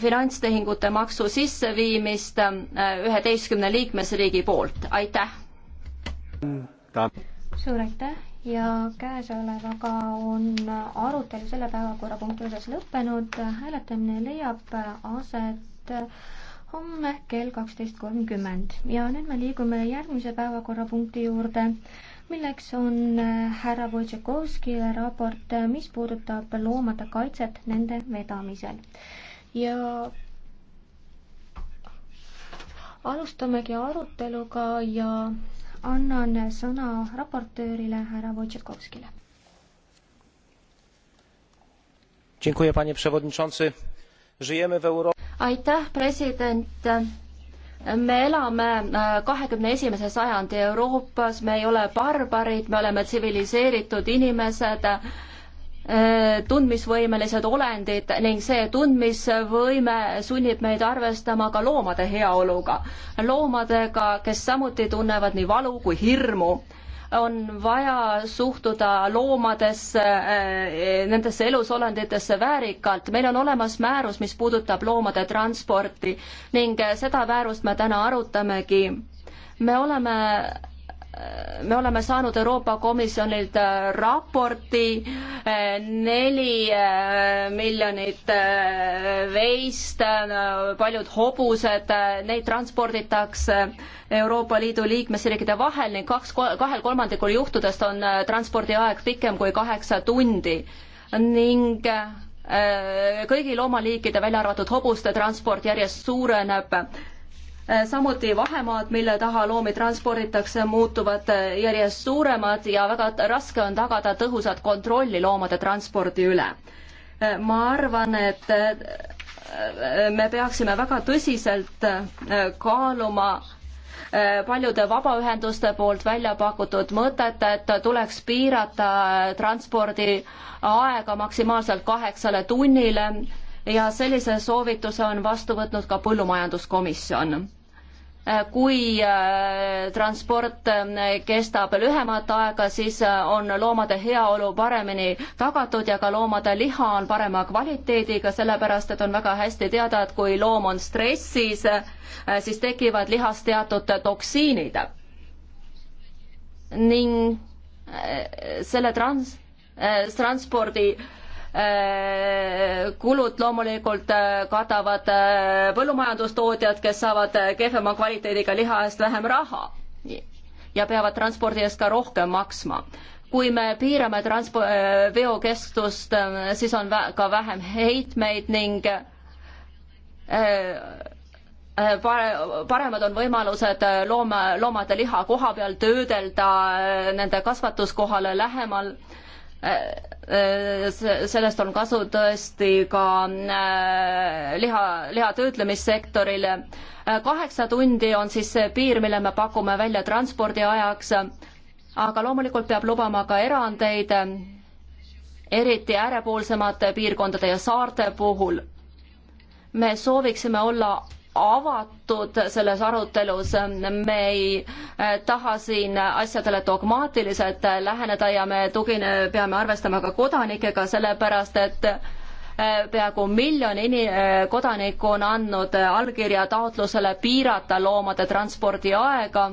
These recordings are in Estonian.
finantstehingute maksu sisseviimist äh, üheteistkümne liikmesriigi poolt, aitäh! suur aitäh ja käesolevaga on arutelu selle päevakorrapunkti osas lõppenud, hääletamine leiab aset homme kell kaksteist kolmkümmend ja nüüd me liigume järgmise päevakorrapunkti juurde milleks on äh, härra Wojciechowski raport, äh, mis puudutab loomade kaitset nende vedamisel. ja alustamegi aruteluga ja annan sõna raportöörile härra Wojciechowskile. aitäh, president me elame äh, kahekümne esimese sajandi Euroopas, me ei ole barbarid, me oleme tsiviliseeritud inimesed, äh, tundmisvõimelised olendid ning see tundmisvõime sunnib meid arvestama ka loomade heaoluga. loomadega, kes samuti tunnevad nii valu kui hirmu on vaja suhtuda loomadesse, eh, nendesse elusolenditesse väärikalt. meil on olemas määrus, mis puudutab loomade transporti ning eh, seda määrust me täna arutamegi. me oleme me oleme saanud Euroopa Komisjonilt äh, raporti äh, neli äh, miljonit veist, paljud hobused, neid transporditakse Euroopa Liidu liikmesriikide vahel ning kaks, kahel kolmandikul juhtudest on transpordiaeg pikem kui kaheksa tundi ning kõigi loomaliikide, välja arvatud hobuste transport järjest suureneb Äh, samuti vahemaad, mille taha loomi transporditakse, muutuvad äh, järjest suuremad ja väga raske on tagada tõhusat kontrolli loomade transpordi üle. Äh, ma arvan, et me peaksime väga tõsiselt kaaluma paljude vabaühenduste poolt välja pakutud mõtet, et tuleks piirata transpordi aega maksimaalselt kaheksale tunnile ja sellise soovituse on vastu võtnud ka põllumajanduskomisjon äh, kui äh, transport äh, kestab lühemat aega, siis on loomade heaolu paremini tagatud ja ka loomade liha on parema kvaliteediga, sellepärast et on väga hästi teada, et kui loom on stressis, siis tekivad lihas teatud toksiinid. ning selle trans-, transpordi äh, Äh, kulud loomulikult äh, katavad äh, põllumajandustootjad, kes saavad kehvema kvaliteediga liha eest vähem raha ja peavad transpordi eest ka rohkem maksma kui me piirame transpo-, veokestust, siis on vä ka vähem heitmeid ning pare-, paremad on võimalused looma, loomade liha koha peal töödelda nende kasvatuskohale lähemal sellest on kasu tõesti ka äh, liha, liha töötlemissektorile. Äh, kaheksa tundi on siis see piir, mille me pakume välja transpordi ajaks, aga loomulikult peab lubama ka erandeid, eriti äärepoolsemate piirkondade ja saarte puhul. me sooviksime olla avatud selles arutelus, me ei eh, taha siin asjadele dogmaatiliselt läheneda ja me tugine, peame arvestama ka kodanikega, sellepärast et eh, peaaegu miljon ini-, eh, kodanikku on andnud allkirja taotlusele piirata loomade transpordiaega,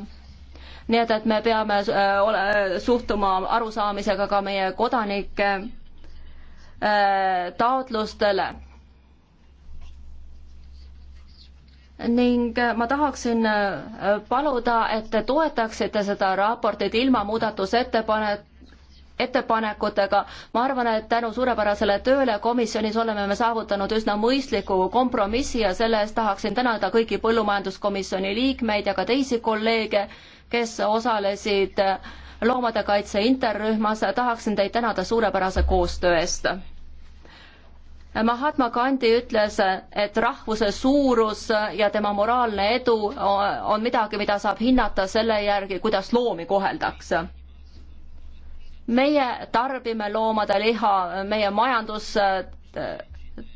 nii et, et me peame ole, suhtuma arusaamisega ka meie kodanike taotlustele ning ma tahaksin äh, paluda, et te toetaksite seda raportit ilma muudatusettepanek-, ettepanekutega. ma arvan, et tänu suurepärasele tööle komisjonis oleme me saavutanud üsna mõistliku kompromissi ja selle eest tahaksin tänada kõiki põllumajanduskomisjoni liikmeid ja ka teisi kolleege, kes osalesid äh, loomade kaitse interrühmas. tahaksin teid tänada suurepärase koostöö eest Mahatma Gandhi ütles, et rahvuse suurus ja tema moraalne edu on midagi, mida saab hinnata selle järgi, kuidas loomi koheldakse. meie tarbime loomade liha, meie majandus äh,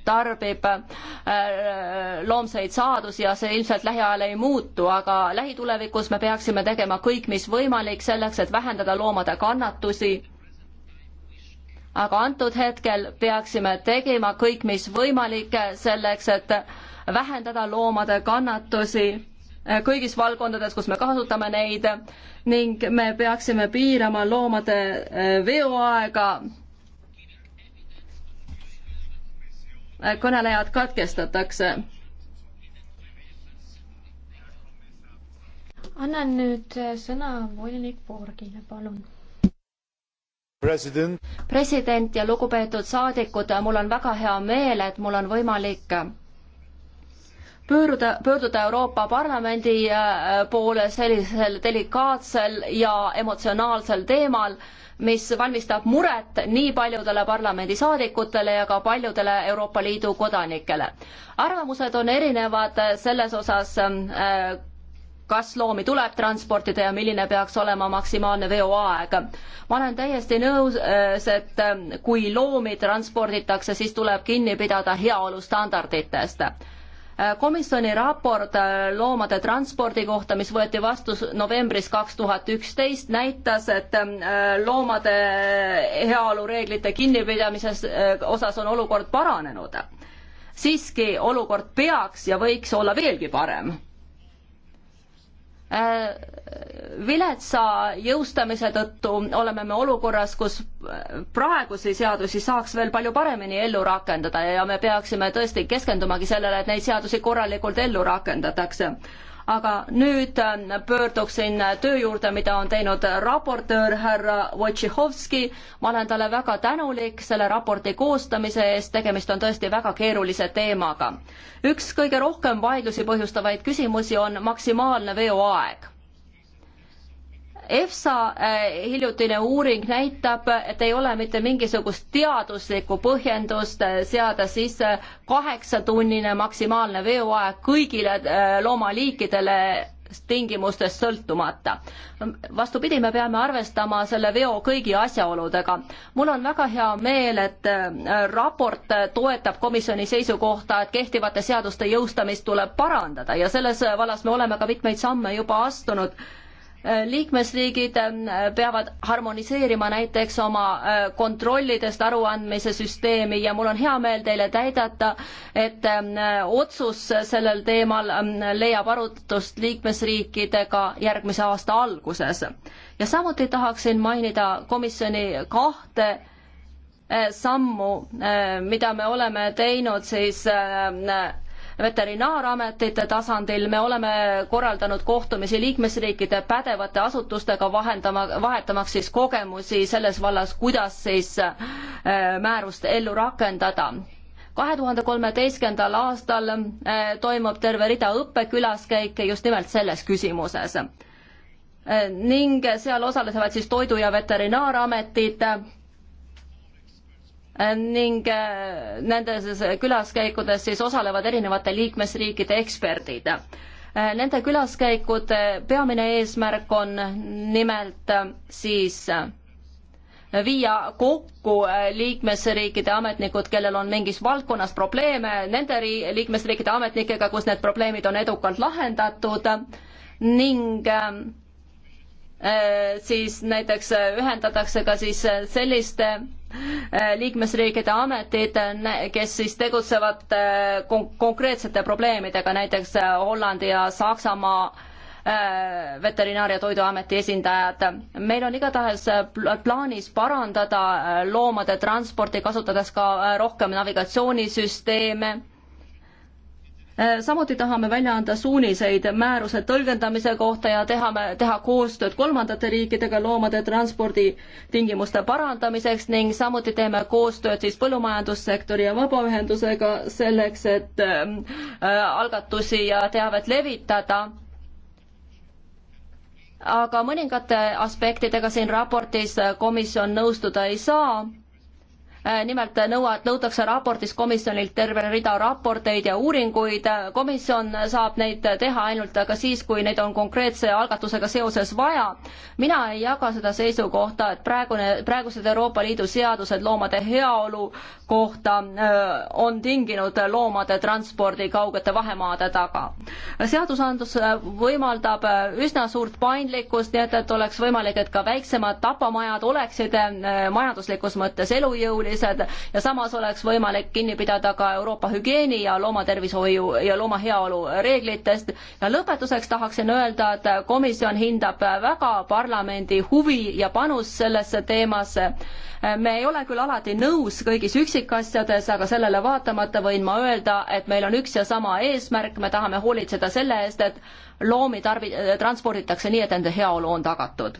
tarbib äh, loomseid saadusi ja see ilmselt lähiajal ei muutu, aga lähitulevikus me peaksime tegema kõik, mis võimalik selleks, et vähendada loomade kannatusi aga antud hetkel peaksime tegema kõik, mis võimalik selleks, et vähendada loomade kannatusi kõigis valdkondades, kus me kasutame neid ning me peaksime piirama loomade eh, veoaega. kõnelejad katkestatakse. annan nüüd eh, sõna volinik Borgile, palun president, president ja lugupeetud saadikud, mul on väga hea meel, et mul on võimalik pöörduda, pöörduda Euroopa Parlamendi äh, poole sellisel delikaatsel ja emotsionaalsel teemal, mis valmistab muret nii paljudele parlamendisaadikutele ja ka paljudele Euroopa Liidu kodanikele. arvamused on erinevad selles osas, äh, kas loomi tuleb transportida ja milline peaks olema maksimaalne veoaeg. ma olen täiesti nõus, äh, et äh, kui loomi transporditakse, siis tuleb kinni pidada heaolustandarditest. Äh, komisjoni raport loomade transpordi kohta, mis võeti vastu novembris kaks tuhat üksteist, näitas, et loomade heaolureeglite kinnipidamises osas on olukord paranenud. siiski olukord peaks ja võiks olla veelgi parem Äh, viletsa jõustamise tõttu oleme me olukorras, kus praegusi seadusi saaks veel palju paremini ellu rakendada ja me peaksime tõesti keskendumagi sellele, et neid seadusi korralikult ellu rakendatakse aga nüüd äh, pöörduksin äh, töö juurde, mida on teinud raportöör härra Wojciechowski. ma olen talle väga tänulik selle raporti koostamise eest, tegemist on tõesti väga keerulise teemaga. üks kõige rohkem vaidlusi põhjustavaid küsimusi on maksimaalne veoaeg EFSA äh, hiljutine uuring näitab, et ei ole mitte mingisugust teaduslikku põhjendust äh, seada sisse äh, kaheksatunnine maksimaalne veoaeg kõigile loomaliikidele tingimustest sõltumata. vastupidi, me peame arvestama selle veo kõigi asjaoludega. mul on väga hea meel, et raport toetab komisjoni seisukohta, et kehtivate seaduste jõustamist tuleb parandada ja selles vallas me oleme ka mitmeid samme juba astunud liikmesriigid ähm, peavad harmoniseerima näiteks oma äh, kontrollidest aruandmise süsteemi ja mul on hea meel teile täidata, et ähm, otsus sellel teemal ähm, leiab arutust liikmesriikidega järgmise aasta alguses. ja samuti tahaksin mainida komisjoni kahte äh, sammu, äh, mida me oleme teinud siis veterinaarametite tasandil, me oleme korraldanud kohtumisi liikmesriikide pädevate asutustega vahendama, vahetamaks siis kogemusi selles vallas, kuidas siis äh, määrust ellu rakendada kahe tuhande kolmeteistkümnendal aastal äh, toimub terve rida õppekülaskäike just nimelt selles küsimuses. Äh, ning seal osalevad siis Toidu- ja Veterinaarametid, ning äh, nendes külaskäikudes siis osalevad erinevate liikmesriikide eksperdid. Äh, nende külaskäikude peamine eesmärk on nimelt äh, siis viia kokku liikmesriikide ametnikud, kellel on mingis valdkonnas probleeme, nende liikmesriikide ametnikega, kus need probleemid on edukalt lahendatud ning siis näiteks ühendatakse ka siis selliste Eh, liikmesriikide ametid, kes siis tegutsevad eh, kon-, konkreetsete probleemidega, näiteks eh, Hollandi ja Saksamaa veterinaar- ja toiduameti esindajad. meil on igatahes plaanis parandada loomade transporti, kasutades ka rohkem navigatsioonisüsteeme Äh, samuti tahame välja anda suuniseid määruse tõlgendamise kohta ja teha, teha koostööd kolmandate riikidega loomade transporditingimuste parandamiseks ning samuti teeme koostööd siis põllumajandussektori ja vabaühendusega selleks, et ähm, äh, algatusi ja teavet levitada aga mõningate aspektidega siin raportis komisjon nõustuda ei saa Äh, nimelt nõuad, nõutakse raportis komisjonilt terve rida raporteid ja uuringuid, äh, komisjon saab neid teha ainult aga siis, kui neid on konkreetse algatusega seoses vaja. mina ei jaga seda seisukohta, et praegune, praegused Euroopa Liidu seadused loomade heaolu kohta äh, on tinginud loomade transpordi kaugete vahemaade taga. seadusandlus võimaldab üsna suurt paindlikkust, nii et, et oleks võimalik, et ka väiksemad tapamajad oleksid majanduslikus mõttes elujõulised, olulised ja samas oleks võimalik kinni pidada ka Euroopa hügieeni ja loomatervishoiu ja looma heaolu reeglitest. ja lõpetuseks tahaksin öelda, et komisjon hindab väga parlamendi huvi ja panust sellesse teemasse. me ei ole küll alati nõus kõigis üksikasjades, aga sellele vaatamata võin ma öelda, et meil on üks ja sama eesmärk, me tahame hoolitseda selle eest, et loomi tarbi-, transporditakse nii, et nende heaolu on tagatud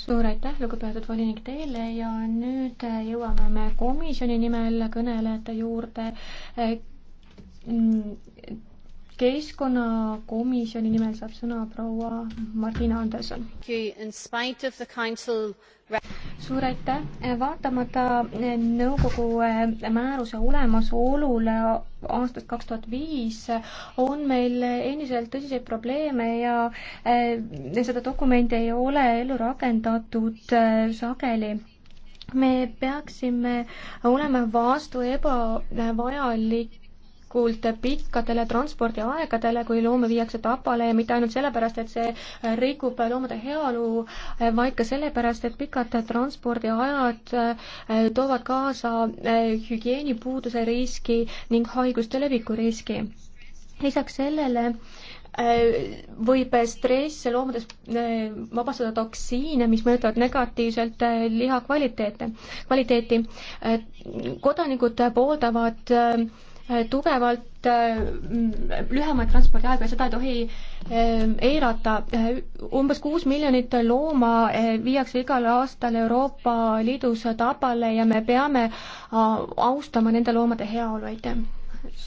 suur aitäh, lugupeetud volinik teile ja nüüd jõuame me komisjoni nimel kõnelejate juurde keskkonnakomisjoni nimel saab sõna proua Martina Anderson. suur aitäh, vaatamata eh, nõukogu eh, määruse olemasolule aastast kaks tuhat viis on meil endiselt tõsiseid probleeme ja eh, seda dokumenti ei ole ellu rakendatud sageli me peaksime olema vastu ebavajalike kult pikkadele transpordiaegadele, kui loomi viiakse Tapale ja mitte ainult sellepärast, et see äh, rikub loomade heaolu, äh, vaid ka sellepärast, et pikad transpordiajad äh, toovad kaasa hügieenipuuduse riski ning haiguste leviku riski. lisaks sellele võib stress loomades vabastada toksiine, mis mõjutavad negatiivselt liha kvaliteete, kvaliteeti. kodanikud pooldavad Äh, tugevalt äh, lühemaid transpordiaegu ja seda ei tohi äh, eirata. umbes kuus miljonit looma viiakse igal aastal Euroopa Liidus tapale ja me peame austama nende loomade heaolu, aitäh.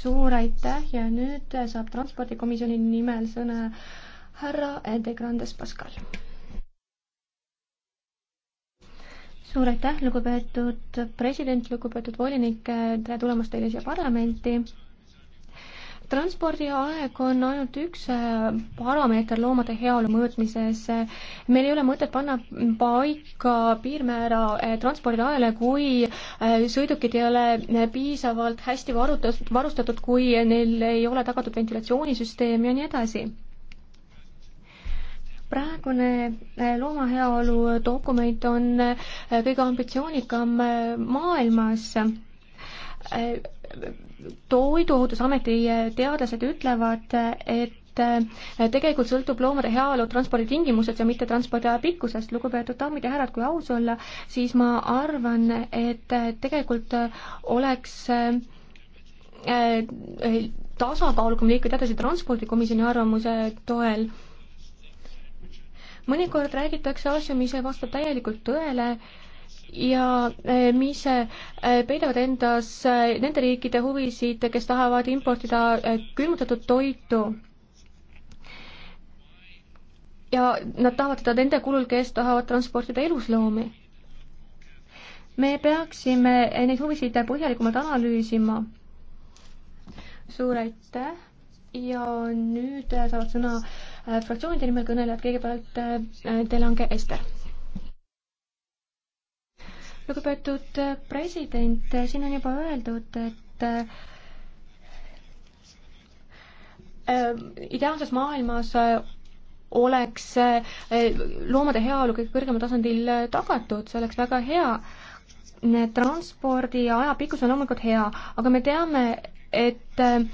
suur aitäh ja nüüd saab transpordikomisjoni nimel sõna härra De Grandes Pascal suur aitäh, lugupeetud president, lugupeetud volinik, tere tulemast teile siia parlamenti. transpordiaeg on ainult üks äh, parameeter loomade heaolu mõõtmises. meil ei ole mõtet panna paika piirmäära äh, transpordiajale, kui äh, sõidukid ei ole piisavalt hästi varutud, varustatud, kui neil ei ole tagatud ventilatsioonisüsteem ja nii edasi praegune äh, loomaheaolu dokument on äh, kõige ambitsioonikam äh, maailmas toiduohutusameti teadlased ütlevad, et tegelikult sõltub loomade heaolu transporditingimustest ja mitte transpordiaja pikkusest. lugupeetud daamid ja härrad, kui aus olla, siis ma arvan, et tegelikult oleks tasakaalukam liikuda edasi transpordikomisjoni arvamuse toel mõnikord räägitakse asju, mis ei vasta täielikult tõele ja eh, mis eh, peidavad endas eh, nende riikide huvisid, kes tahavad importida külmutatud toitu. ja nad tahavad seda nende kulul, kes tahavad transportida elusloomi. me peaksime neid huvisid põhjalikumalt analüüsima. suur aitäh ja nüüd saavad sõna Äh, fraktsioonide nimel kõnelejad, kõigepealt äh, Delange Ester lugupeetud äh, president, siin on juba öeldud, et äh, ideaalses maailmas äh, oleks äh, loomade heaolu kõige kõrgemal tasandil äh, tagatud, see oleks väga hea. transpordi ja ajapikkus on loomulikult hea, aga me teame, et äh,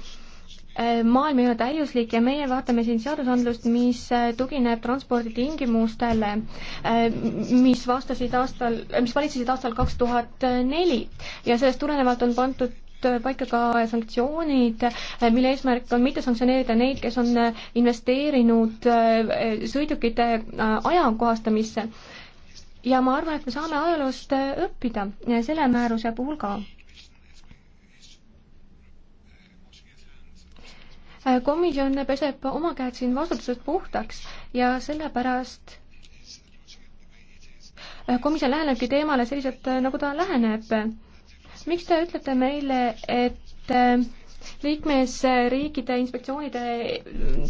Äh, maailm ei ole täiuslik ja meie vaatame siin seadusandlust, mis äh, tugineb transporditingimustele, äh, mis vastasid aastal, mis valitsesid aastal kaks tuhat neli ja sellest tulenevalt on pandud paika ka sanktsioonid, mille eesmärk on mitte sanktsioneerida neid, kes on investeerinud sõidukite ajakohastamisse. ja ma arvan, et me saame ajaloost õppida selle määruse puhul ka Äh, komisjon peseb oma käed siin vastutusest puhtaks ja sellepärast äh, komisjon lähenebki teemale selliselt, äh, nagu ta läheneb. miks te ütlete meile, et liikmesriikide inspektsioonide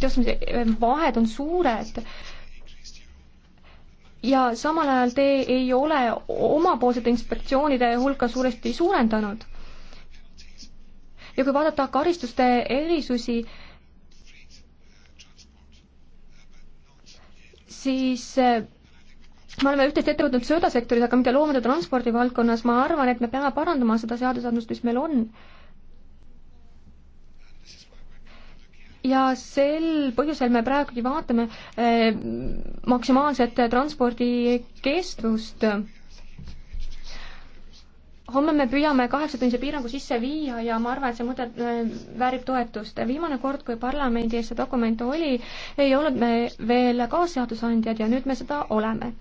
teostamise vahed on suured? ja samal ajal te ei ole omapoolsete inspektsioonide hulka suuresti suurendanud. ja kui vaadata karistuste erisusi, siis eh, me oleme üht-teist ette võtnud söödasektoris, aga mitte loomade transpordi valdkonnas, ma arvan, et me peame parandama seda seadusandlust, mis meil on. ja sel põhjusel me praegugi vaatame eh, maksimaalset transpordi kestvust eh, homme me püüame kaheksatunnise piirangu sisse viia ja ma arvan, et see mõte äh, väärib toetust. viimane kord, kui parlamendi ees see dokument oli, ei olnud me veel kaasseadusandjad ja nüüd me seda oleme.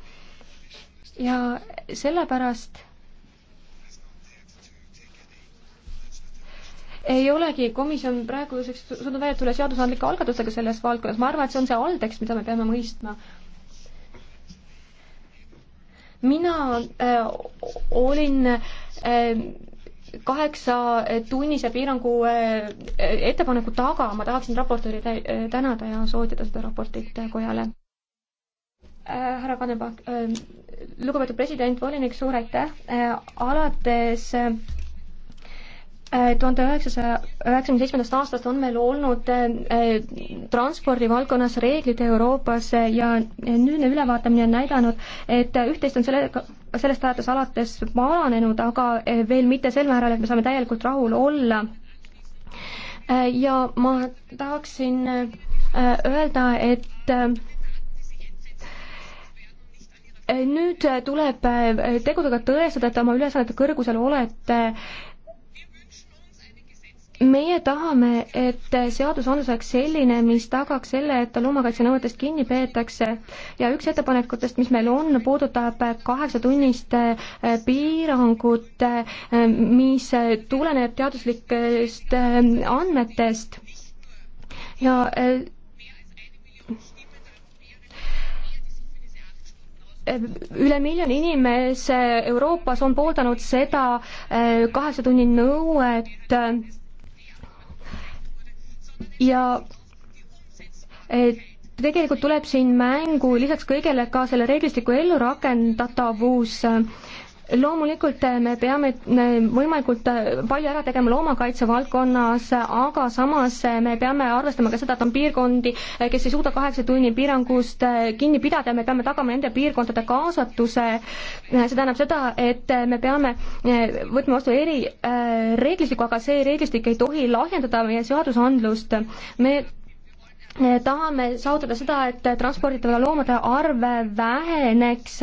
ja sellepärast ei olegi komisjon praeguseks suutnud välja tulla seadusandlike algatustega selles valdkonnas, ma arvan, et see on see alltekst, mida me peame mõistma mina äh, olin äh, Ehm, kaheksatunnised piirangu eh, ettepaneku taga, ma tahaksin raportööri eh, tänada ja soovitada seda raportit eh, kojale. härra Kanepak, ehm, lugupeetud president, volinik, suur aitäh, alates tuhande üheksasaja üheksakümne seitsmendast aastast on meil olnud äh, transpordivaldkonnas reeglid Euroopas ja nüüdne ülevaatamine on näidanud, et üht-teist on sellega, sellest ajast alates paranenud, aga äh, veel mitte sel määral, et me saame täielikult rahul olla. Äh, ja ma tahaksin öelda, et nüüd tuleb tegudega tõestada, et oma ülesannete kõrgusel olete meie tahame, et seadusandlus oleks selline, mis tagaks selle, et loomakaitsenõuetest kinni peetakse ja üks ettepanekutest, mis meil on, puudutab kaheksatunnist eh, piirangut, eh, mis tuleneb teaduslikest eh, andmetest ja üle miljoni inimese Euroopas on pooldanud seda kaheksa tunni nõuet ja tegelikult tuleb siin mängu lisaks kõigele ka selle reeglistiku ellurakendatavuus loomulikult eh, me peame eh, võimalikult eh, palju ära tegema loomakaitse valdkonnas, aga samas me peame arvestama ka seda, et on piirkondi, kes ei suuda kaheksa tunni piirangust kinni pidada ja me peame tagama nende piirkondade kaasatuse. see tähendab seda, et me peame võtma vastu erireeglistiku, aga see reeglistik ei tohi lahjendada meie seadusandlust. me tahame saavutada seda, et transporditava loomade arv väheneks,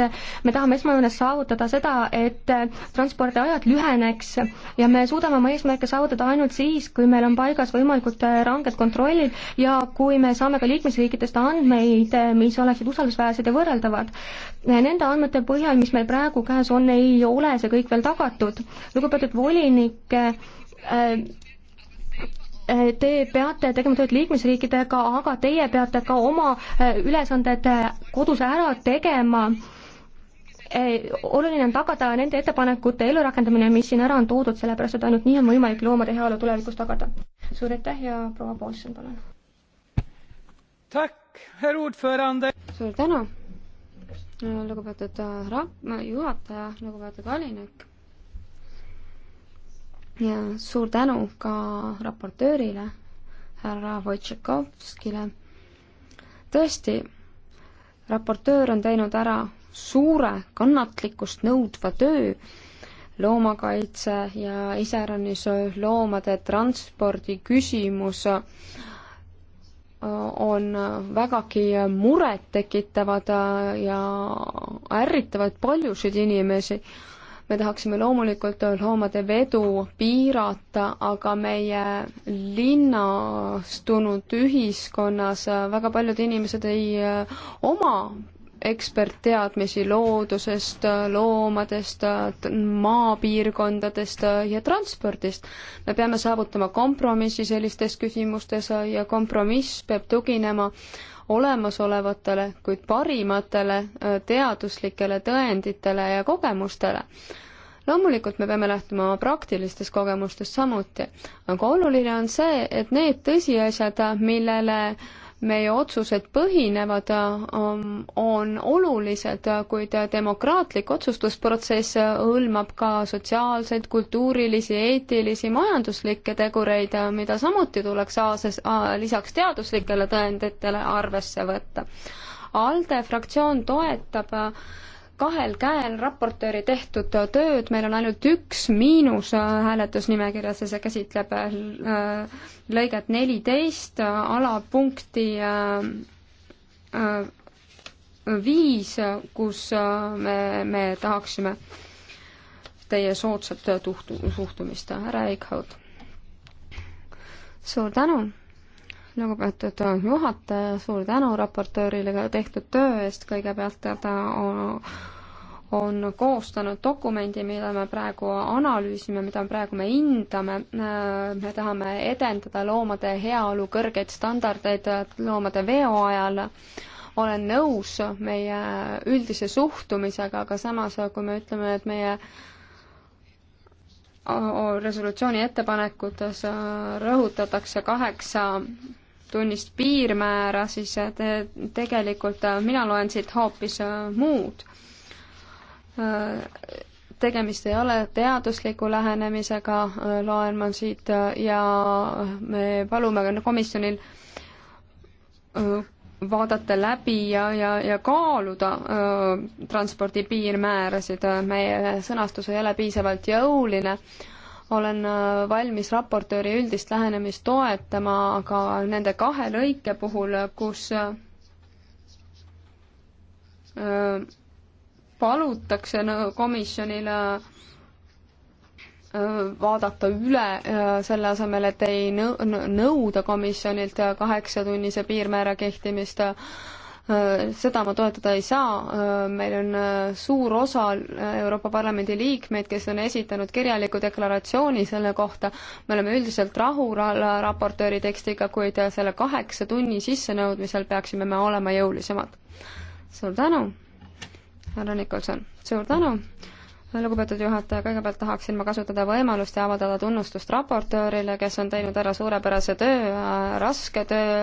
me tahame esmajoones saavutada seda, et transpordiajad lüheneks ja me suudame oma eesmärke saavutada ainult siis, kui meil on paigas võimalikult ranged kontrollid ja kui me saame ka liikmesriikidest andmeid, mis oleksid usaldusväärsed ja võrreldavad. Nende andmete põhjal, mis meil praegu käes on, ei ole see kõik veel tagatud. lugupeetud volinik, te peate tegema tööd liikmesriikidega, aga teie peate ka oma äh, ülesanded äh, kodus ära tegema. Äh, oluline on tagada nende ettepanekute ellurakendamine, mis siin ära on toodud, sellepärast et ainult nii on võimalik loomade heaolu tulevikus tagada. suur aitäh ja proua Paulsen, palun. suur tänu, lugupeetud ra-, juhataja, lugupeetud volinik ja suur tänu ka raportöörile, härra Wojtšakovskile. tõesti, raportöör on teinud ära suure kannatlikkust nõudva töö loomakaitse ja iseäranis loomade transpordi küsimus äh, on vägagi murettekitavad äh, ja ärritavad paljusid inimesi me tahaksime loomulikult loomade vedu piirata, aga meie linnastunud ühiskonnas väga paljud inimesed ei äh, oma ekspertteadmisi loodusest, loomadest, maapiirkondadest ja transpordist. me peame saavutama kompromissi sellistes küsimustes ja kompromiss peab tuginema olemasolevatele, kuid parimatele äh, teaduslikele tõenditele ja kogemustele loomulikult me peame lähtuma oma praktilistest kogemustest samuti, aga oluline on see, et need tõsiasjad, millele äh, meie otsused põhinevad, ähm, on olulised, kuid demokraatlik otsustusprotsess hõlmab ka sotsiaalseid, kultuurilisi, eetilisi, majanduslikke tegureid, mida samuti tuleks aases, lisaks teaduslikele tõenditele arvesse võtta. ALDE fraktsioon toetab äh, kahel käel raportööri tehtud tööd, meil on ainult üks miinus hääletusnimekirjas ja see käsitleb äh, lõiget neliteist alapunkti äh, äh, viis, kus me, me tahaksime teie soodsat suhtumist, härra Eichhout. suur tänu lugupeetud juhataja, suur tänu raportöörile ka tehtud töö eest, kõigepealt ta on, on koostanud dokumendi, mida me praegu analüüsime, mida praegu me hindame, me tahame edendada loomade heaolu kõrgeid standardeid loomade veo ajal, olen nõus meie üldise suhtumisega, aga samas, kui me ütleme, et meie resolutsiooni ettepanekutes rõhutatakse kaheksa tunnist piirmäära, siis äh, te, tegelikult äh, mina loen siit hoopis äh, muud. tegemist ei ole teadusliku lähenemisega, loen ma siit ja me palume komisjonil vaadata läbi ja, ja, ja kaaluda öö, transpordi piirmäärasid, meie sõnastus ei ole piisavalt jõuline öö, olen äh, valmis raportööri üldist lähenemist toetama, aga nende kahe lõike puhul, kus äh, äh, palutakse komisjonile vaadata üle, selle asemel, et ei nõuda komisjonilt kaheksa tunnise piirmäära kehtimist, Äh, seda ma toetada ei saa, äh, meil on äh, suur osa Euroopa Parlamendi liikmeid, kes on esitanud kirjaliku deklaratsiooni selle kohta, me oleme üldiselt rahul raportööri tekstiga, kuid selle kaheksa tunni sissenõudmisel peaksime me olema jõulisemad. suur tänu, härra Nikolson, suur tänu lugupeetud juhataja, kõigepealt tahaksin ma kasutada võimalust ja avaldada tunnustust raportöörile, kes on teinud ära suurepärase töö, raske töö,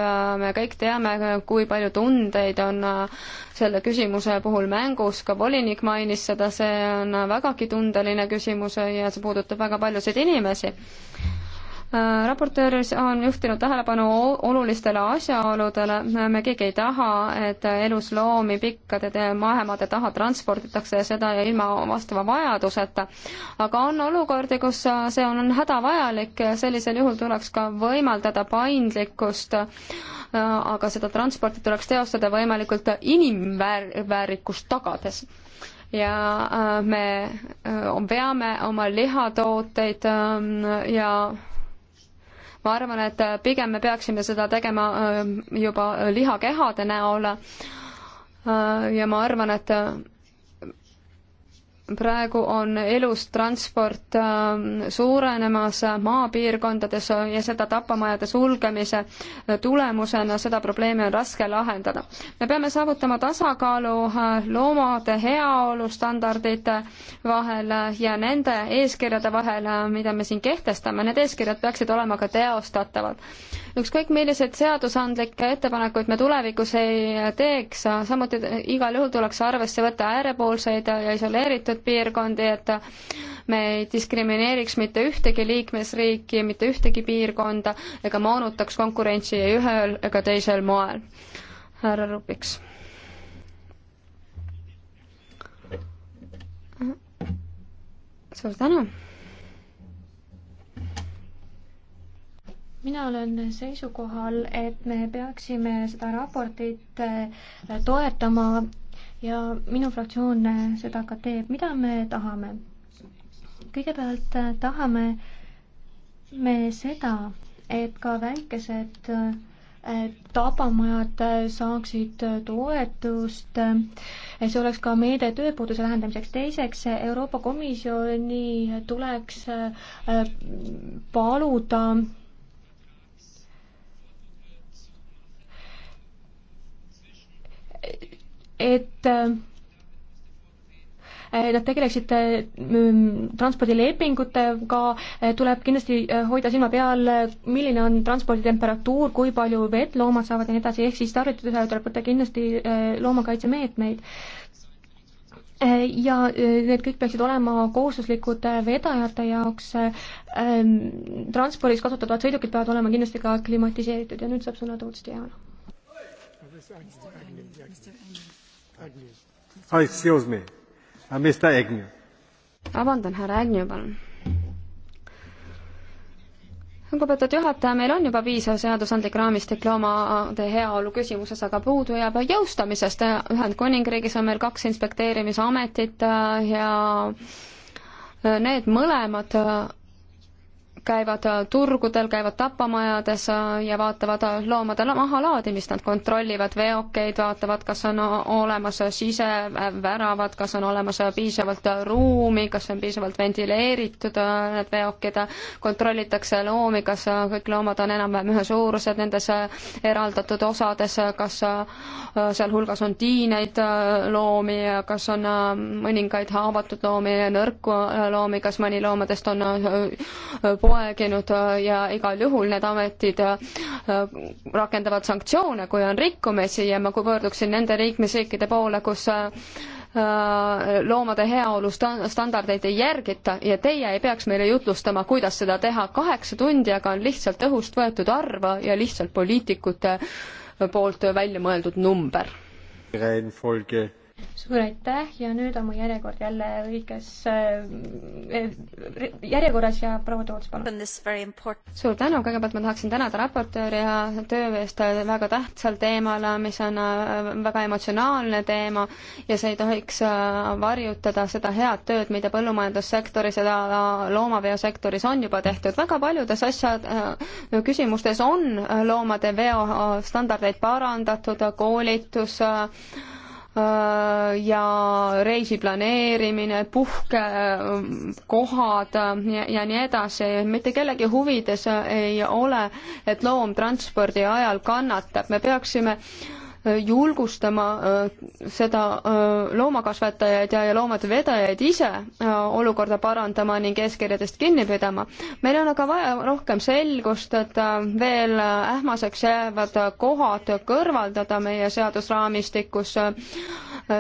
me kõik teame, kui palju tundeid on äh, selle küsimuse puhul mängus, ka volinik mainis seda, see on vägagi tundeline küsimus ja see puudutab väga paljusid inimesi Äh, raportöör on juhtinud tähelepanu olulistele asjaoludele, me keegi ei taha, et elusloomi pikkade mahemade taha transporditakse ja seda ilma vastava vajaduseta. aga on olukordi, kus äh, see on hädavajalik, sellisel juhul tuleks ka võimaldada paindlikkust, äh, aga seda transporti tuleks teostada võimalikult inimväärikust tagades ja me peame oma lihatooteid ähm, ja ma arvan, et äh, pigem me peaksime seda tegema äh, juba lihakehade näol. Äh, ja ma arvan, et praegu on elustransport ähm, suurenemas maapiirkondades ja seda tapamajade sulgemise äh, tulemusena, seda probleemi on raske lahendada. me peame saavutama tasakaalu äh, loomade heaolu standardite vahel äh, ja nende eeskirjade vahel, mida me siin kehtestame, need eeskirjad peaksid olema ka teostatavad ükskõik milliseid seadusandlikke ettepanekuid me tulevikus ei teeks, samuti igal juhul tuleks arvesse võtta äärepoolseid ja isoleeritud piirkondi, et me ei diskrimineeriks mitte ühtegi liikmesriiki, mitte ühtegi piirkonda ega moonutaks konkurentsi ühel ega teisel moel. härra Rubiks suur tänu! mina olen seisukohal, et me peaksime seda raportit äh, toetama ja minu fraktsioon äh, seda ka teeb. mida me tahame? kõigepealt äh, tahame me seda, et ka väikesed tabamajad saaksid toetust. see oleks ka meede tööpuuduse vähendamiseks. teiseks, Euroopa Komisjoni tuleks paluda et eh, nad tegeleksid mm, transpordilepingutega, eh, tuleb kindlasti eh, hoida silma peal, milline on transpordi temperatuur, kui palju vett loomad saavad ja nii edasi, ehk siis tarvitusele tuleb võtta kindlasti loomakaitsemeetmeid. ja need kõik peaksid olema kohustuslikud vedajate jaoks, ehm, transpordis kasutatavad sõidukid peavad olema kindlasti ka klimatiseeritud ja nüüd saab sõna Toots Diana. Mr. Engel, Mr. Engel. Oh, excuse me. Uh, Mr Agnew. vabandan, härra Agnew, palun. lugupeetud juhataja, meil on juba piisav seadusandlik raamistik loomade heaolu küsimuses, aga puudu jääb jõustamisest. Ühendkuningriigis on meil kaks inspekteerimisametit äh, ja need mõlemad äh, käivad äh, turgudel, käivad tapamajades äh, ja vaatavad äh, loomade mahalaadimist, nad kontrollivad veokeid, vaatavad, kas on olemas siseväravad, kas on olemas piisavalt ruumi, kas on piisavalt ventileeritud need veokid, kontrollitakse loomi, kas kõik loomad on enam-vähem ühesuurused nendes eraldatud osades, kas sealhulgas on tiineid loomi, kas on mõningaid haavatud loomi, nõrku loomi, kas mõni loomadest on poeginud äh, ja igal juhul need ametid äh, rakendavad sanktsioone, kui on rikkumisi ja ma pöörduksin nende liikmesriikide poole, kus äh, loomade heaolu standardeid ei järgita ja teie ei peaks meile jutlustama, kuidas seda teha. kaheksa tundi aga on lihtsalt õhust võetud arv ja lihtsalt poliitikute poolt välja mõeldud number suur aitäh ja nüüd on mu järjekord jälle õiges äh, äh, järjekorras ja proua Toots, palun. suur tänu, kõigepealt ma tahaksin tänada raportööri ja töö eest väga tähtsal teemal, mis on äh, väga emotsionaalne teema ja see ei tohiks varjutada seda head tööd, mida põllumajandussektoris ja loomaveosektoris on juba tehtud. väga paljudes asjad, küsimustes on loomade veo standardeid parandatud, koolitus, Äh, ja reisi planeerimine, puhkekohad ähm, ja, äh, ja nii edasi, mitte kellegi huvides ei ole, et loom transpordi ajal kannatab, me peaksime äh, Äh, julgustama äh, seda äh, loomakasvatajaid ja, ja loomade vedajaid ise olukorda parandama ning eeskirjadest kinni pidama. meil on aga vaja rohkem selgust, et veel ähmaseks jäävad kohad kõrvaldada meie seadusraamistikus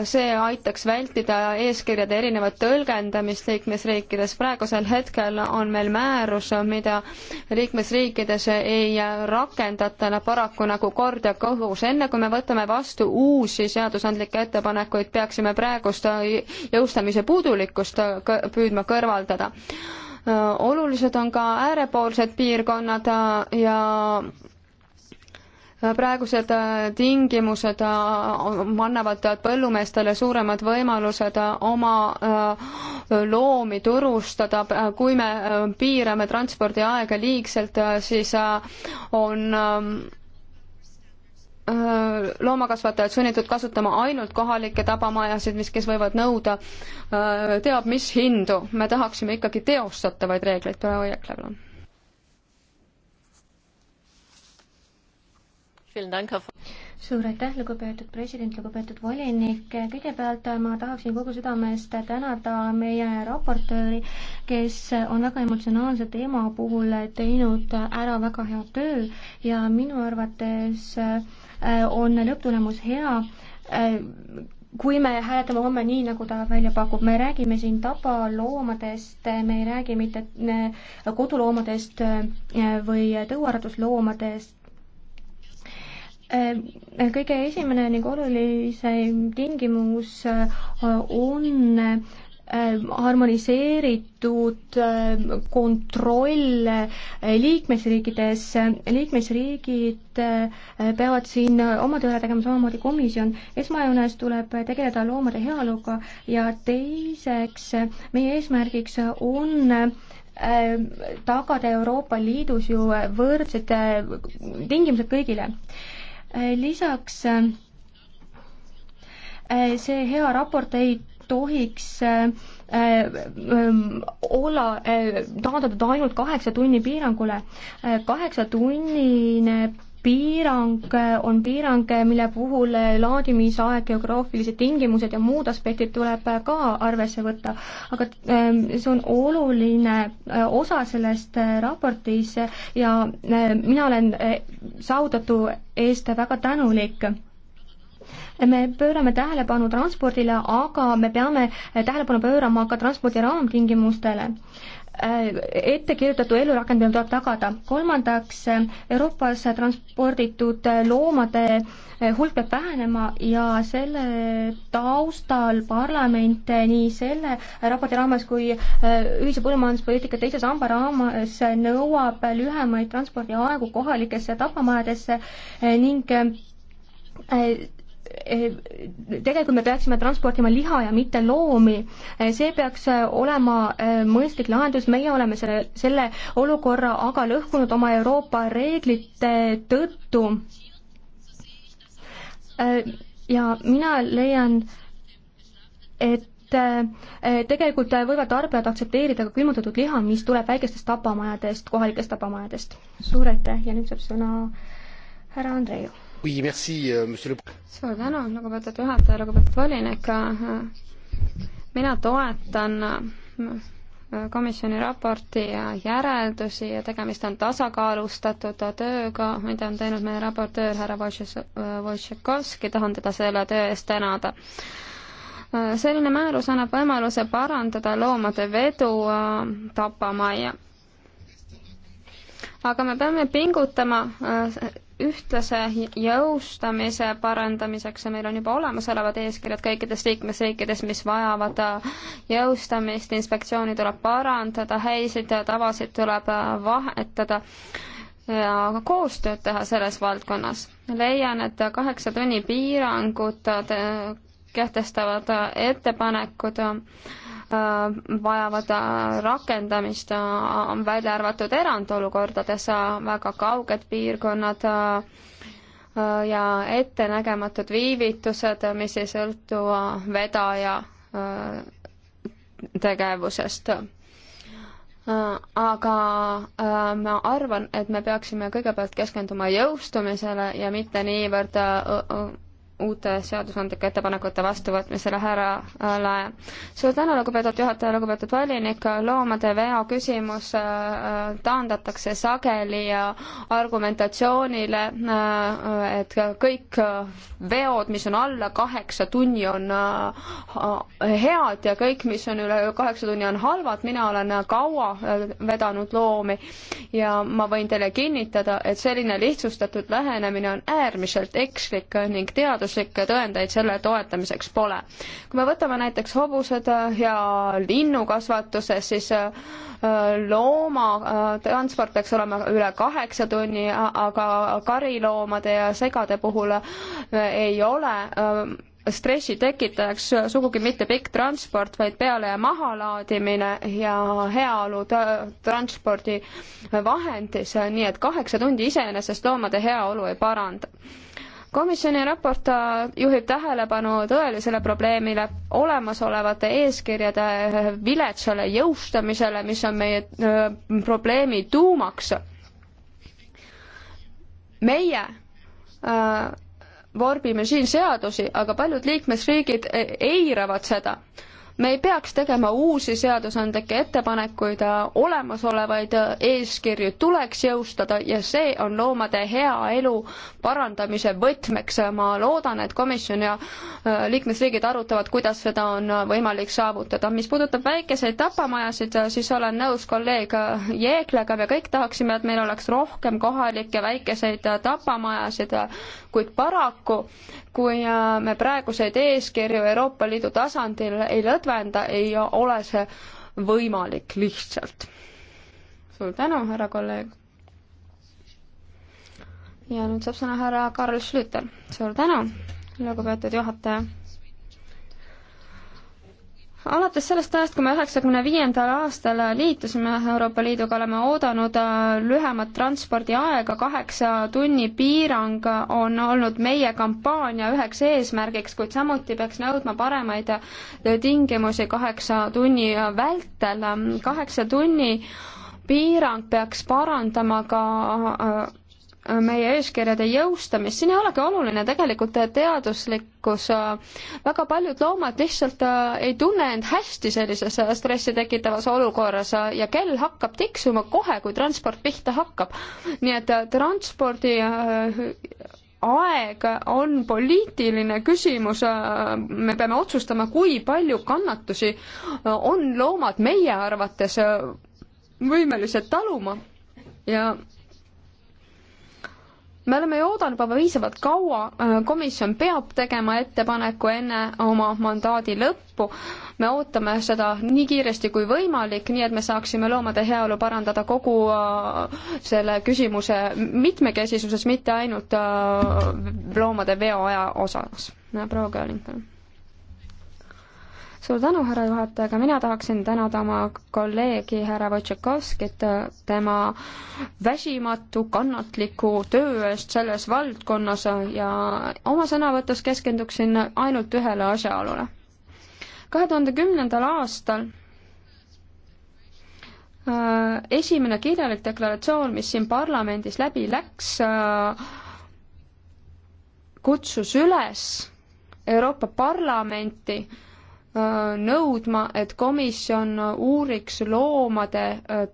see aitaks vältida eeskirjade erinevat tõlgendamist liikmesriikides. praegusel hetkel on meil määrus, mida liikmesriikides ei rakendata paraku nagu kord ja kohus. enne kui me võtame vastu uusi seadusandlikke ettepanekuid, peaksime praegust jõustamise puudulikkust püüdma kõrvaldada olulised on ka äärepoolsed piirkonnad ja praegused äh, tingimused äh, annavad põllumeestele suuremad võimalused äh, oma loomi turustada, kui me piirame transpordiaega liigselt, siis on loomakasvatajad sunnitud kasutama ainult kohalikke tabamajasid, mis, kes võivad nõuda teab mis hindu. me tahaksime ikkagi teostatavaid reegleid, Kaja Oja Klevel. suur aitäh, lugupeetud president, lugupeetud volinik. kõigepealt äh, ma tahaksin kogu südamest tänada meie raportööri, kes on väga emotsionaalse teema puhul teinud äh, ära väga hea töö ja minu arvates äh, on lõpptulemus hea kui me hääletame homme nii, nagu ta välja pakub, me räägime siin tabaloomadest, me ei räägi mitte koduloomadest või tõuaretusloomadest, Äh, kõige esimene ning olulisem tingimus äh, on äh, harmoniseeritud kontroll liikmesriikides, liikmesriigid peavad siin oma töö ära tegema, samamoodi komisjon. esmajoones tuleb tegeleda loomade heaoluga ja teiseks meie eesmärgiks on tagada Euroopa Liidus ju võrdsed tingimused kõigile Äh, lisaks äh, see hea raport ei tohiks äh, äh, ähm, olla äh, taandatud ainult kaheksa tunni piirangule äh,. kaheksa tunnine piirang on piirang, mille puhul laadimisaeg, geograafilised tingimused ja muud aspektid tuleb ka arvesse võtta. aga ähm, see on oluline äh, osa sellest äh, raportis ja äh, mina olen saavutatu eest väga tänulik me pöörame tähelepanu transpordile, aga me peame tähelepanu pöörama ka transpordi raamtingimustele Äh, ettekirjutatu ellurakendamine tuleb tagada. kolmandaks, äh, Euroopas transporditud äh, loomade hulk peab vähenema ja selle taustal parlament nii selle raporti raames kui ühise põllumajanduspoliitika teise samba raames nõuab lühemaid transpordiaegu kohalikesse tapamajadesse ning Eh, tegelikult me peaksime transportima liha ja mitte loomi. Eh, see peaks eh, olema mõistlik lahendus, meie oleme selle, selle olukorra aga lõhkunud oma Euroopa reeglite tõttu. ja mina leian, et tegelikult võivad tarbijad aktsepteerida ka külmutatud liha, mis tuleb väikestest tapamajadest, kohalikest tapamajadest. suur aitäh ja nüüd saab sõna härra Andreiu Euh, suur tänu, lugupeetud juhataja, lugupeetud volinik. mina toetan äh, komisjoni raporti järeldusi ja tegemist on tasakaalustatud tööga, mida on teinud meie raportöör härra Wojtšekovski, äh, tahan teda selle töö eest tänada. Äh, selline määrus annab võimaluse parandada loomade vedu tapamajja. aga me peame pingutama ühtlase jõustamise parandamiseks ja meil on juba olemasolevad eeskirjad kõikides liikmesriikides, mis vajavad äh, jõustamist, inspektsiooni tuleb parandada, häisid tavasid tuleb äh, vahetada ja koostööd teha selles valdkonnas. leian, et kaheksa tunni piirangud äh, kehtestavad ettepanekud Äh, vajavad äh, rakendamist, äh, välja arvatud erandolukordades, väga kauged piirkonnad ja ettenägematud viivitused, mis ei sõltu vedaja tegevusest aga ma arvan, et me peaksime kõigepealt keskenduma jõustumisele ja mitte niivõrd uute seadusandlike ettepanekute vastuvõtmisele, härra äh, Lae. suur tänu, lugupeetud juhataja, lugupeetud volinik, loomade veo küsimus äh, äh, taandatakse sageli argumentatsioonile, et kõik veod, mis on alla kaheksa tunni, on head ja kõik, mis on üle kaheksa tunni, on halvad, mina olen kaua vedanud loomi ja ma võin teile kinnitada, et selline lihtsustatud lähenemine on äärmiselt ekslik ning teadus teaduslikke tõendeid selle toetamiseks pole. kui me võtame näiteks hobused ja linnukasvatuse, siis äh, loomatransport äh, peaks olema üle kaheksa tunni, aga kariloomade ja segade puhul äh, ei ole stressi tekitajaks sugugi mitte pikk transport, vaid peale- ja mahalaadimine ja heaolu transpordivahendis, nii et kaheksa tundi iseenesest loomade heaolu ei paranda komisjoni raport äh, juhib tähelepanu tõelisele probleemile, olemasolevate eeskirjade äh, viletsale jõustamisele, mis on meie äh, probleemi tuumaks. meie äh, vorbime siin seadusi, aga paljud liikmesriigid eiravad seda me ei peaks tegema uusi seadusandlikke ettepanekuid, olemasolevaid eeskirju tuleks jõustada ja see on loomade hea elu parandamise võtmeks. ma loodan, et komisjon ja äh, liikmesriigid arutavad, kuidas seda on võimalik saavutada. mis puudutab väikeseid tapamajasid, siis olen nõus kolleeg Jeeglega, me kõik tahaksime, et meil oleks rohkem kohalikke väikeseid tapamajasid, kuid paraku, kui äh, me praeguseid eeskirju Euroopa Liidu tasandil ei lõdvenda, süvenda, ei ole see võimalik lihtsalt. suur tänu, härra kolleeg. ja nüüd saab sõna härra Karl Schlüter. suur tänu, lugupeetud juhataja alates sellest ajast, kui me üheksakümne viiendal aastal liitusime Euroopa Liiduga, oleme oodanud äh, lühemat transpordiaega, kaheksa tunni piirang on olnud meie kampaania üheks eesmärgiks, kuid samuti peaks nõudma paremaid äh, tingimusi kaheksa tunni äh, vältel. kaheksa tunni piirang peaks parandama ka meie eeskirjade jõustamist, siin ei olegi oluline tegelikult teaduslikkus. väga paljud loomad lihtsalt äh, ei tunne end hästi sellises äh, stressi tekitavas olukorras äh, ja kell hakkab tiksuma kohe, kui transport pihta hakkab. nii et transpordi aeg on poliitiline küsimus, me peame otsustama, kui palju kannatusi on loomad meie arvates võimelised taluma ja me oleme ju oodanud juba piisavalt kaua, äh, komisjon peab tegema ettepaneku enne oma mandaadi lõppu. me ootame seda nii kiiresti kui võimalik, nii et me saaksime loomade heaolu parandada kogu äh, selle küsimuse mitmekesisuses, mitte ainult äh, loomade veoaja osas. proua Kööling, palun suur tänu, härra juhataja, ka mina tahaksin tänada oma kolleegi härra Wojtšakovskit tema väsimatu kannatliku töö eest selles valdkonnas ja oma sõnavõtus keskenduksin ainult ühele asjaolule. kahe tuhande kümnendal aastal äh, esimene kirjalik deklaratsioon, mis siin parlamendis läbi läks, äh, kutsus üles Euroopa Parlamenti nõudma, et komisjon uuriks loomade äh,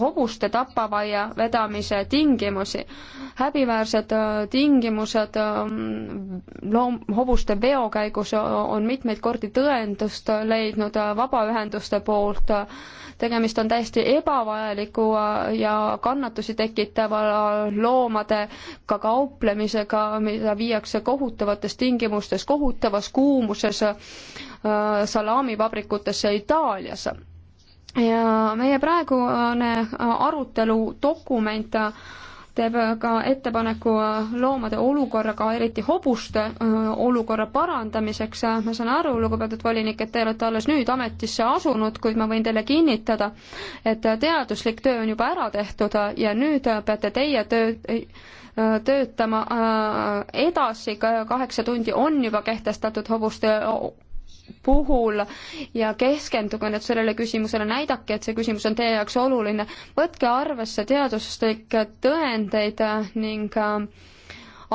hobuste tapavaia vedamise tingimusi. häbiväärsed tingimused loom-, hobuste veo käigus on mitmeid kordi tõendust leidnud vabaühenduste poolt. tegemist on täiesti ebavajaliku ja kannatusi tekitava loomadega ka kauplemisega, mida viiakse kohutavates tingimustes, kohutavas kuumuses salaamivabrikutesse Itaalias ja meie praegune arutelu dokument teeb ka ettepaneku loomade olukorraga, eriti hobuste äh, olukorra parandamiseks. ma saan aru, lugupeetud volinik, et te olete alles nüüd ametisse asunud, kuid ma võin teile kinnitada, et teaduslik töö on juba ära tehtud ja nüüd peate teie töö äh, töötama äh, edasi, kaheksa tundi on juba kehtestatud hobuste puhul ja keskenduge nüüd sellele küsimusele, näidake, et see küsimus on teie jaoks oluline, võtke arvesse teaduslikke tõendeid ning äh,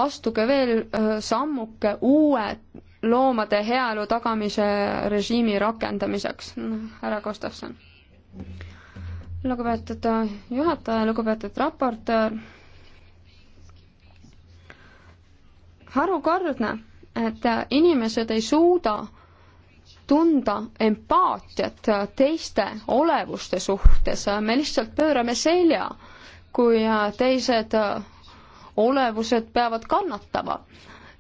astuge veel äh, sammuke uue loomade heaolu tagamise režiimi rakendamiseks, härra Gustafson. lugupeetud äh, juhataja, lugupeetud raportöör, harukordne, et inimesed ei suuda tunda empaatiat teiste olevuste suhtes, me lihtsalt pöörame selja, kui teised olevused peavad kannatama,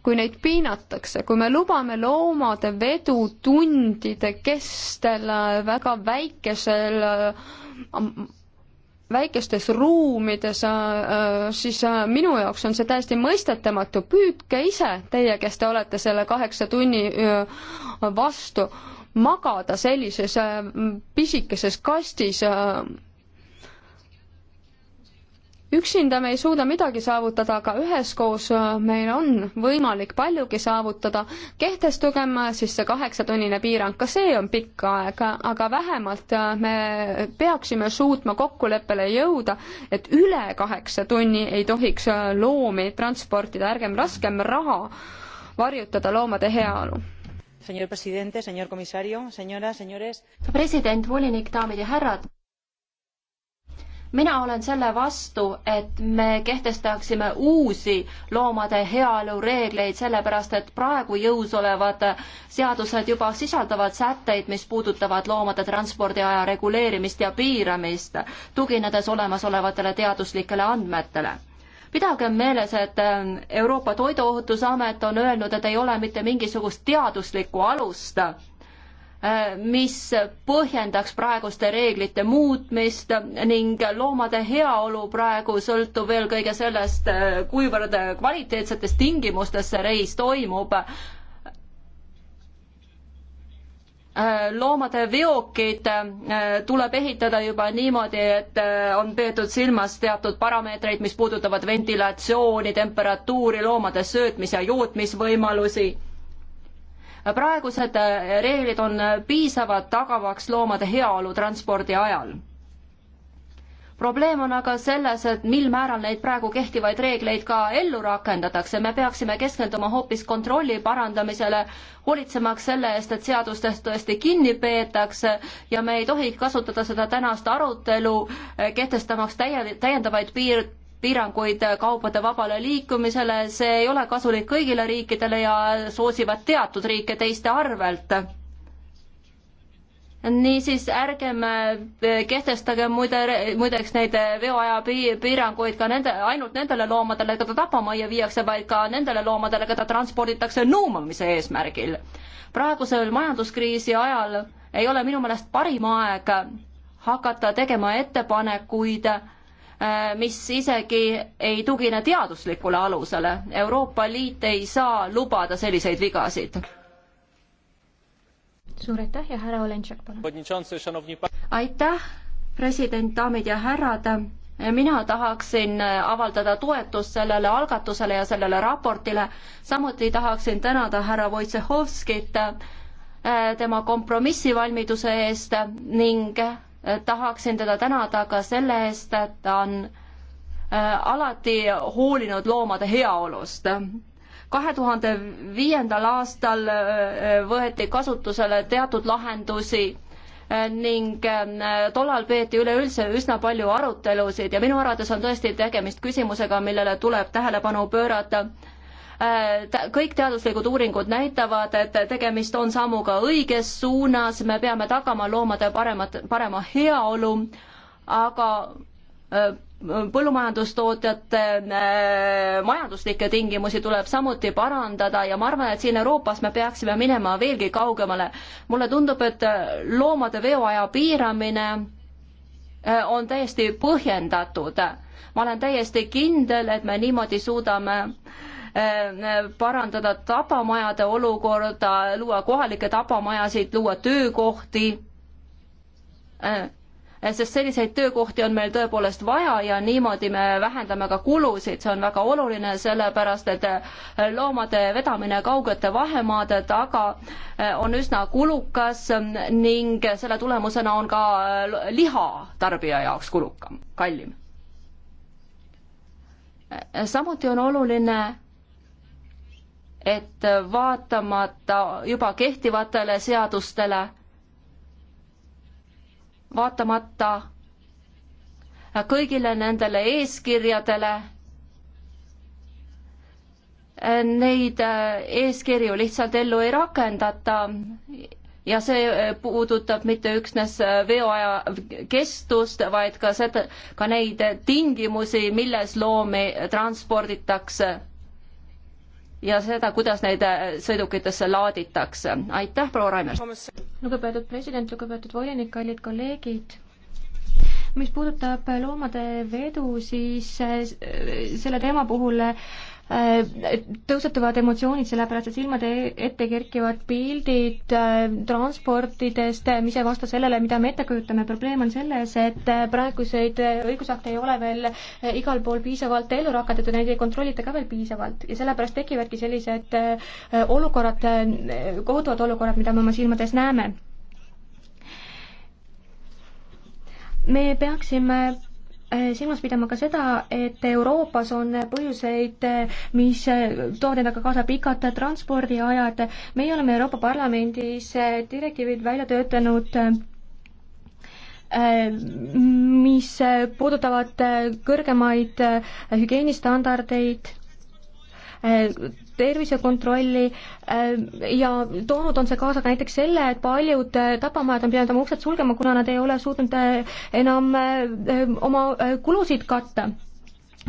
kui neid piinatakse, kui me lubame loomade vedu tundide kestel väga väikesel väikestes ruumides, äh, äh, siis äh, minu jaoks on see täiesti mõistetamatu. püüdke ise, teie, kes te olete selle kaheksa tunni vastu, magada sellises pisikeses kastis üksinda me ei suuda midagi saavutada, aga üheskoos äh, meil on võimalik paljugi saavutada. kehtestugem äh, siis see kaheksatunnine piirang, ka see on pikk aeg, aga vähemalt äh, me peaksime suutma kokkuleppele jõuda, et üle kaheksa tunni ei tohiks loomi transportida, ärgem raskem raha varjutada loomade heaolu señor presidente señor comisario señoras señores president volinik daamid ja härrad mina olen selle vastu, et me kehtestaksime uusi loomade heaolu reegleid, sellepärast et praegu jõus olevad seadused juba sisaldavad sätteid, mis puudutavad loomade transpordiaja reguleerimist ja piiramist, tuginedes olemasolevatele teaduslikele andmetele pidagem meeles, et ähm, Euroopa Toiduohutusamet on öelnud, et ei ole mitte mingisugust teaduslikku alust Äh, mis põhjendaks praeguste reeglite muutmist ning loomade heaolu praegu sõltub eelkõige sellest, äh, kuivõrd kvaliteetsetes tingimustes see reis toimub. Äh, loomade veokid tuleb ehitada juba niimoodi, et on peetud silmas teatud parameetreid, mis puudutavad ventilatsiooni, temperatuuri, loomade söötmis- ja jootmisvõimalusi praegused äh, reeglid on äh, piisavad tagamaks loomade heaolu transpordi ajal probleem on aga selles, et mil määral neid praegu kehtivaid reegleid ka ellu rakendatakse, me peaksime keskenduma hoopis kontrolli parandamisele, hoolitsemaks selle eest, et seadustest tõesti kinni peetakse ja me ei tohi kasutada seda tänast arutelu äh, kehtestamaks täie, täiendavaid piir, piiranguid kaupade vabale liikumisele, see ei ole kasulik kõigile riikidele ja soosivad teatud riike teiste arvelt niisiis ärgem eh, kehtestage muide, muideks neid eh, veoaja piiranguid ka nende, ainult nendele loomadele, keda tapamajja viiakse, vaid ka nendele loomadele, keda transporditakse nuumamise eesmärgil. praegusel majanduskriisi ajal ei ole minu meelest parim aeg hakata tegema ettepanekuid äh, Äh, mis isegi ei tugine teaduslikule alusele. Euroopa Liit ei saa lubada selliseid vigasid. suur aitäh ja härra Olenšak, palun. aitäh, president, daamid ja härrad mina tahaksin avaldada toetust sellele algatusele ja sellele raportile, samuti tahaksin tänada härra Wojciechowskit äh, tema kompromissivalmiduse eest ning tahaksin teda tänada ka selle eest, et ta on äh, alati hoolinud loomade heaolust. kahe tuhande viiendal aastal äh, võeti kasutusele teatud lahendusi äh, ning tollal peeti üleüldse üsna palju arutelusid ja minu arvates on tõesti tegemist küsimusega, millele tuleb tähelepanu pöörata Äh, kõik teaduslikud uuringud näitavad, et tegemist on sammuga õiges suunas, me peame tagama loomade paremat, parema heaolu, aga äh, põllumajandustootjate äh, majanduslikke tingimusi tuleb samuti parandada ja ma arvan, et siin Euroopas me peaksime minema veelgi kaugemale. mulle tundub, et loomade veoaja piiramine on täiesti põhjendatud. ma olen täiesti kindel, et me niimoodi suudame äh, Äh, parandada tabamajade olukorda, luua kohalikke tabamajasid, luua töökohti äh, äh, sest selliseid töökohti on meil tõepoolest vaja ja niimoodi me vähendame ka kulusid, see on väga oluline, sellepärast et loomade vedamine kaugete vahemaade taga on üsna kulukas ähm, ning selle tulemusena on ka liha tarbija jaoks kulukam, kallim. samuti on oluline et vaatamata juba kehtivatele seadustele, vaatamata kõigile nendele eeskirjadele, neid eeskirju lihtsalt ellu ei rakendata ja see puudutab mitte üksnes veoaja kestust, vaid ka seda, ka neid tingimusi, milles loomi transporditakse ja seda, kuidas neid äh, sõidukitesse laaditakse. aitäh, proua Raimer! lugupeetud president, lugupeetud volinik, kallid kolleegid! mis puudutab loomade vedu, siis äh, selle teema puhul äh, Äh, tõusetuvad emotsioonid, sellepärast et silmade ette kerkivad pildid äh, transportidest, äh, mis ei vasta sellele, mida me ette kujutame. probleem on selles, et praeguseid õigusakte ei ole veel igal pool piisavalt ellu rakendatud, neid ei kontrollita ka veel piisavalt ja sellepärast tekivadki sellised olukorrad, kohutavad olukorrad, mida me oma silmade ees näeme. me peaksime Äh, silmas pidama ka seda, et Euroopas on põhjuseid, äh, mis äh, toovad endaga kaasa pikad transpordiajad. meie oleme Euroopa Parlamendis direktiivid välja töötanud mis puudutavad kõrgemaid hügieenistandardeid Äh, tervisekontrolli äh, ja toonud on see kaasa ka näiteks selle, et paljud äh, tapamajad on pidanud oma uksed sulgema, kuna nad ei ole suutnud enam oma kulusid katta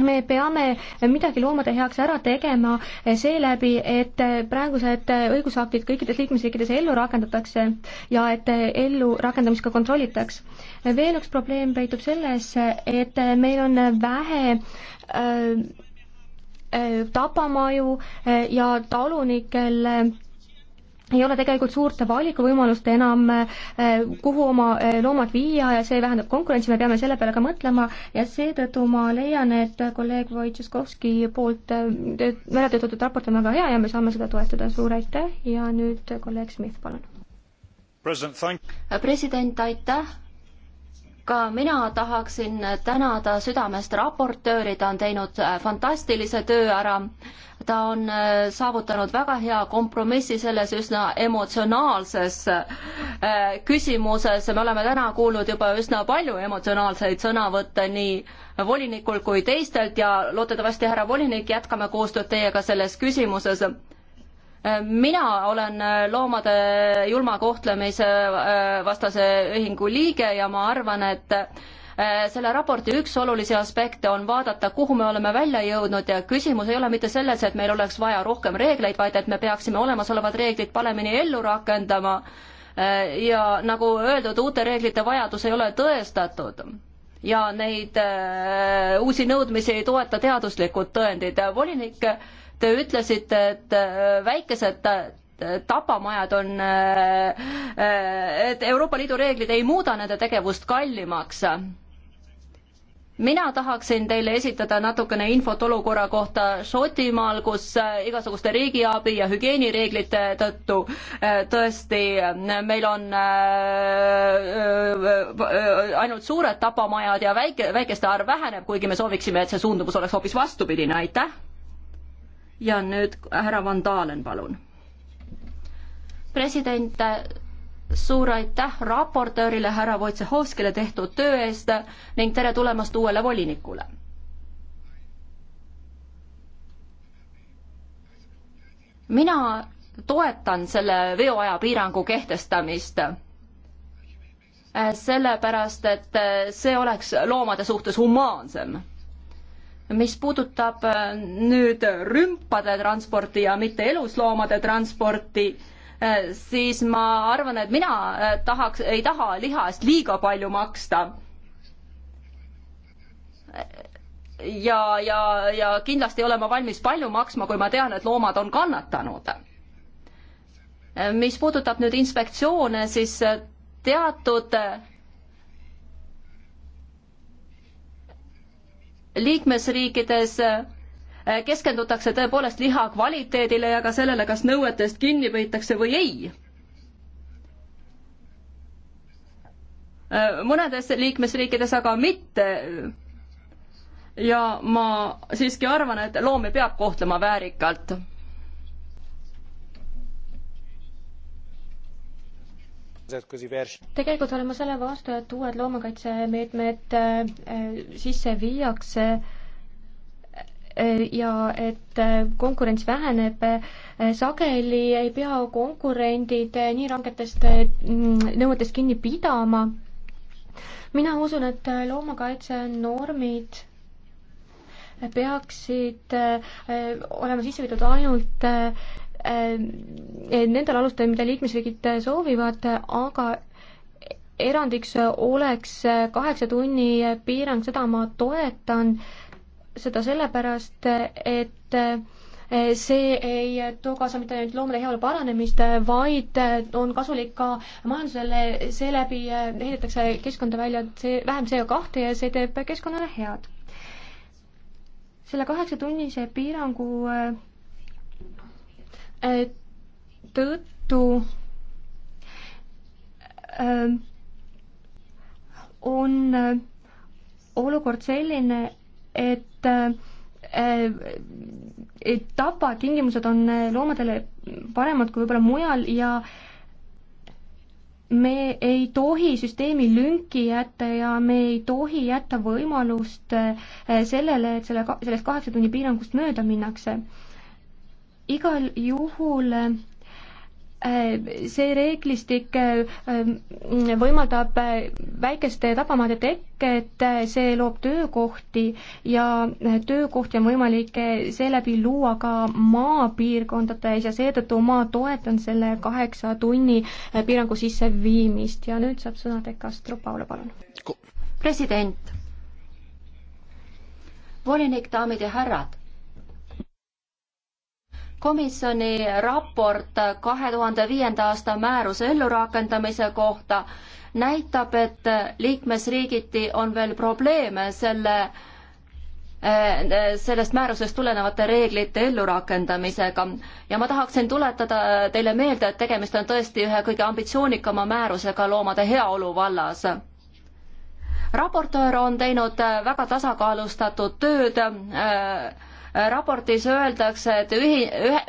me peame midagi loomade heaks ära tegema seeläbi, et praegused õigusaktid kõikides liikmesriikides ellu rakendatakse ja et ellu rakendamist ka kontrollitaks. veel üks probleem peitub selles, et meil on vähe äh, Äh, tapamaju äh, ja talunikel äh, ei ole tegelikult suurte valikuvõimalust enam, kuhu oma loomad viia ja see vähendab konkurentsi, me peame selle peale ka mõtlema ja seetõttu ma leian, et kolleeg Wojciechowski poolt välja töötatud raport on väga hea ja me saame seda toetada, suur aitäh ja nüüd kolleeg Smith, palun. president, aitäh ka mina tahaksin tänada südamest raportööri, ta on teinud äh, fantastilise töö ära. ta on äh, saavutanud väga hea kompromissi selles üsna emotsionaalses äh, küsimuses. me oleme täna kuulnud juba üsna palju emotsionaalseid sõnavõtte nii volinikult kui teistelt ja loodetavasti, härra volinik, jätkame koostööd teiega selles küsimuses mina olen äh, loomade julma kohtlemise äh, vastase ühingu liige ja ma arvan, et äh, selle raporti üks olulisi aspekte on vaadata, kuhu me oleme välja jõudnud ja küsimus ei ole mitte selles, et meil oleks vaja rohkem reegleid, vaid et me peaksime olemasolevad reeglid paremini ellu rakendama. ja nagu öeldud, uute reeglite vajadus ei ole tõestatud ja neid uusi nõudmisi ei toeta teaduslikud tõendid. volinik te ütlesite, et äh, väikesed tapamajad on, äh, äh, et Euroopa Liidu reeglid ei muuda nende tegevust kallimaks. mina tahaksin teile esitada natukene infot olukorra kohta Šotimaal, kus igasuguste riigiabi ja hügieenireeglite tõttu tõesti meil on ainult suured tapamajad ja väike, väikeste arv väheneb, kuigi me sooviksime, et see suundumus oleks hoopis vastupidine, aitäh ja nüüd härra Van Dalen, palun. president, suur aitäh raportöörile härra Wojciechowskile tehtud töö eest ning tere tulemast uuele volinikule. mina toetan selle veoaja piirangu kehtestamist sellepärast, et see oleks loomade suhtes humaansem mis puudutab äh, nüüd rümpade transporti ja mitte elusloomade transporti, äh, siis ma arvan, et mina äh, tahaks, ei taha liha eest liiga palju maksta. ja, ja, ja kindlasti ei ole ma valmis palju maksma, kui ma tean, et loomad on kannatanud. mis puudutab nüüd inspektsioone, siis teatud liikmesriikides äh, keskendutakse tõepoolest liha kvaliteedile ja ka sellele, kas nõuetest kinni peitakse või ei. Äh, mõnedes liikmesriikides aga mitte. ja ma siiski arvan, et loomi peab kohtlema väärikalt tegelikult olen ma selle vastu, et uued loomakaitsemeetmed äh, sisse viiakse äh, ja et äh, konkurents väheneb. sageli ei pea konkurendid nii rangetest mm, nõuetest kinni pidama. mina usun, et loomakaitsenormid peaksid olema sisse viidud ainult Äh, äh, nendel alustel, mida liikmesriigid äh, soovivad, aga erandiks oleks kaheksa tunni piirang, seda ma toetan, seda sellepärast, et see ei too kaasa mitte ainult loomade heaolu paranemist, vaid on kasulik ka majandusele, seeläbi heidetakse keskkonda välja see, vähem CO2 ja see teeb keskkonnale head. selle kaheksa tunnise piirangu tõttu ähm, on äh, olukord selline, et äh, tapatingimused on äh, loomadele paremad kui võib-olla mujal ja me ei tohi süsteemi lünki jätta ja me ei tohi jätta võimalust sellele, et selle, sellest kaheksa tunni piirangust mööda minnakse igal juhul äh, see reeglistik äh, mm, võimaldab äh, väikeste tabamaade teket, see loob töökohti ja töökohti on võimalik seeläbi luua ka maapiirkondades ja seetõttu ma toetan selle kaheksa tunni piirangu sisseviimist ja nüüd saab sõna Dekastro Paula, palun. president, volinik, daamid ja härrad komisjoni raport kahe tuhande viienda aasta määruse ellurakendamise kohta näitab, et liikmesriigiti on veel probleeme selle, eh, sellest määrusest tulenevate reeglite ellurakendamisega. ja ma tahaksin tuletada teile meelde, et tegemist on tõesti ühe kõige ambitsioonikama määrusega loomade heaolu vallas. raportöör on teinud väga tasakaalustatud tööd äh, raportis öeldakse, et ühi-, ühe,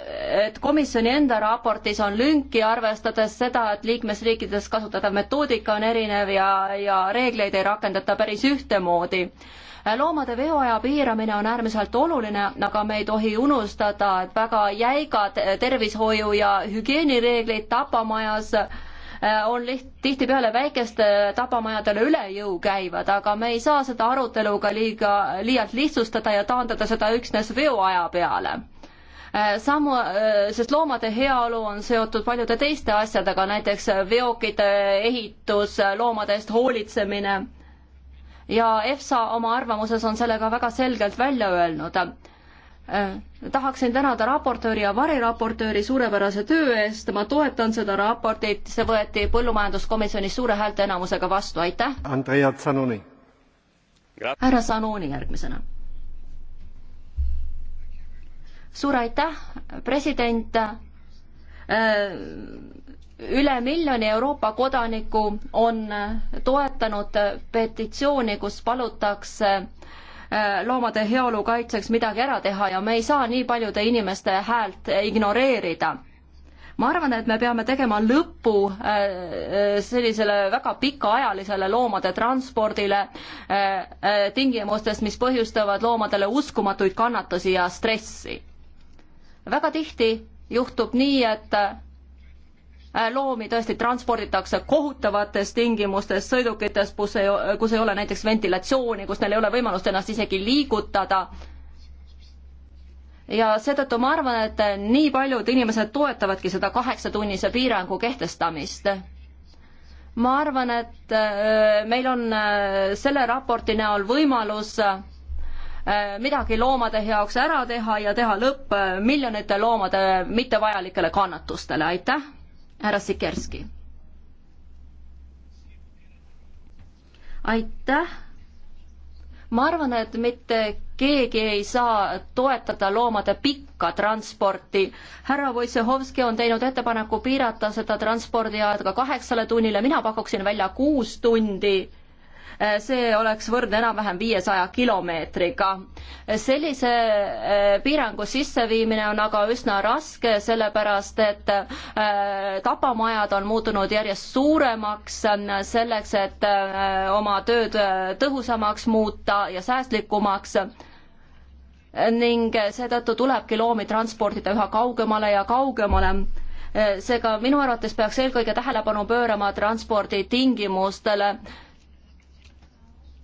et komisjoni enda raportis on lünki, arvestades seda, et liikmesriikides kasutatav metoodika on erinev ja, ja reegleid ei rakendata päris ühtemoodi loomade veoaja piiramine on äärmiselt oluline, aga me ei tohi unustada, et väga jäigad tervishoiu ja hügieenireeglid tapamajas äh, Äh, on tihtipeale väikeste tabamajadele üle jõu käivad, aga me ei saa seda arutelu ka liiga, liialt lihtsustada ja taandada seda üksnes veoaja peale äh, samu, äh, sest loomade heaolu on seotud paljude teiste asjadega, näiteks veokite ehitus, loomade eest hoolitsemine. ja EFSA oma arvamuses on selle ka väga selgelt välja öelnud Äh, tahaksin tänada raportööri ja variraportööri suurepärase töö eest, ma toetan seda raportit, see võeti põllumajanduskomisjonis suure häälteenamusega vastu, aitäh. Andrea Zanoni. härra Zanoni järgmisena. suur aitäh, president äh, üle miljoni Euroopa kodaniku on äh, toetanud petitsiooni, kus palutakse äh, Äh, loomade heaolu kaitseks midagi ära teha ja me ei saa nii paljude inimeste häält ignoreerida ma arvan, et me peame tegema lõpu äh, äh, sellisele väga pikaajalisele loomade transpordile tingimustes, mis põhjustavad loomadele uskumatuid kannatusi ja stressi. väga tihti juhtub nii, et Äh, loomi tõesti transporditakse kohutavates tingimustes sõidukites, kus ei, kus ei ole näiteks ventilatsiooni, kus neil ei ole võimalust ennast isegi liigutada. ja seetõttu ma arvan, et nii paljud inimesed toetavadki seda kaheksatunnise piirangu kehtestamist ma arvan, et äh, meil on äh, selle raporti näol võimalus midagi loomade heaks ära teha ja teha lõpp miljonite loomade mittevajalikele kannatustele, aitäh! härra Sikerski. aitäh. ma arvan, et mitte keegi ei saa toetada loomade pikka transporti. härra Wojciechowski on teinud ettepaneku piirata seda transpordiaega kaheksale tunnile, mina pakuksin välja kuus tundi Eh, see oleks võrdne enam-vähem viiesaja kilomeetriga. sellise eh, piirangu sisseviimine on aga üsna raske, sellepärast et eh, tapamajad on muutunud järjest suuremaks selleks, et oma tööd tõhusamaks muuta ja säästlikumaks ning seetõttu tulebki loomi transportida üha kaugemale ja kaugemale seega minu arvates peaks eelkõige tähelepanu pöörama transporditingimustele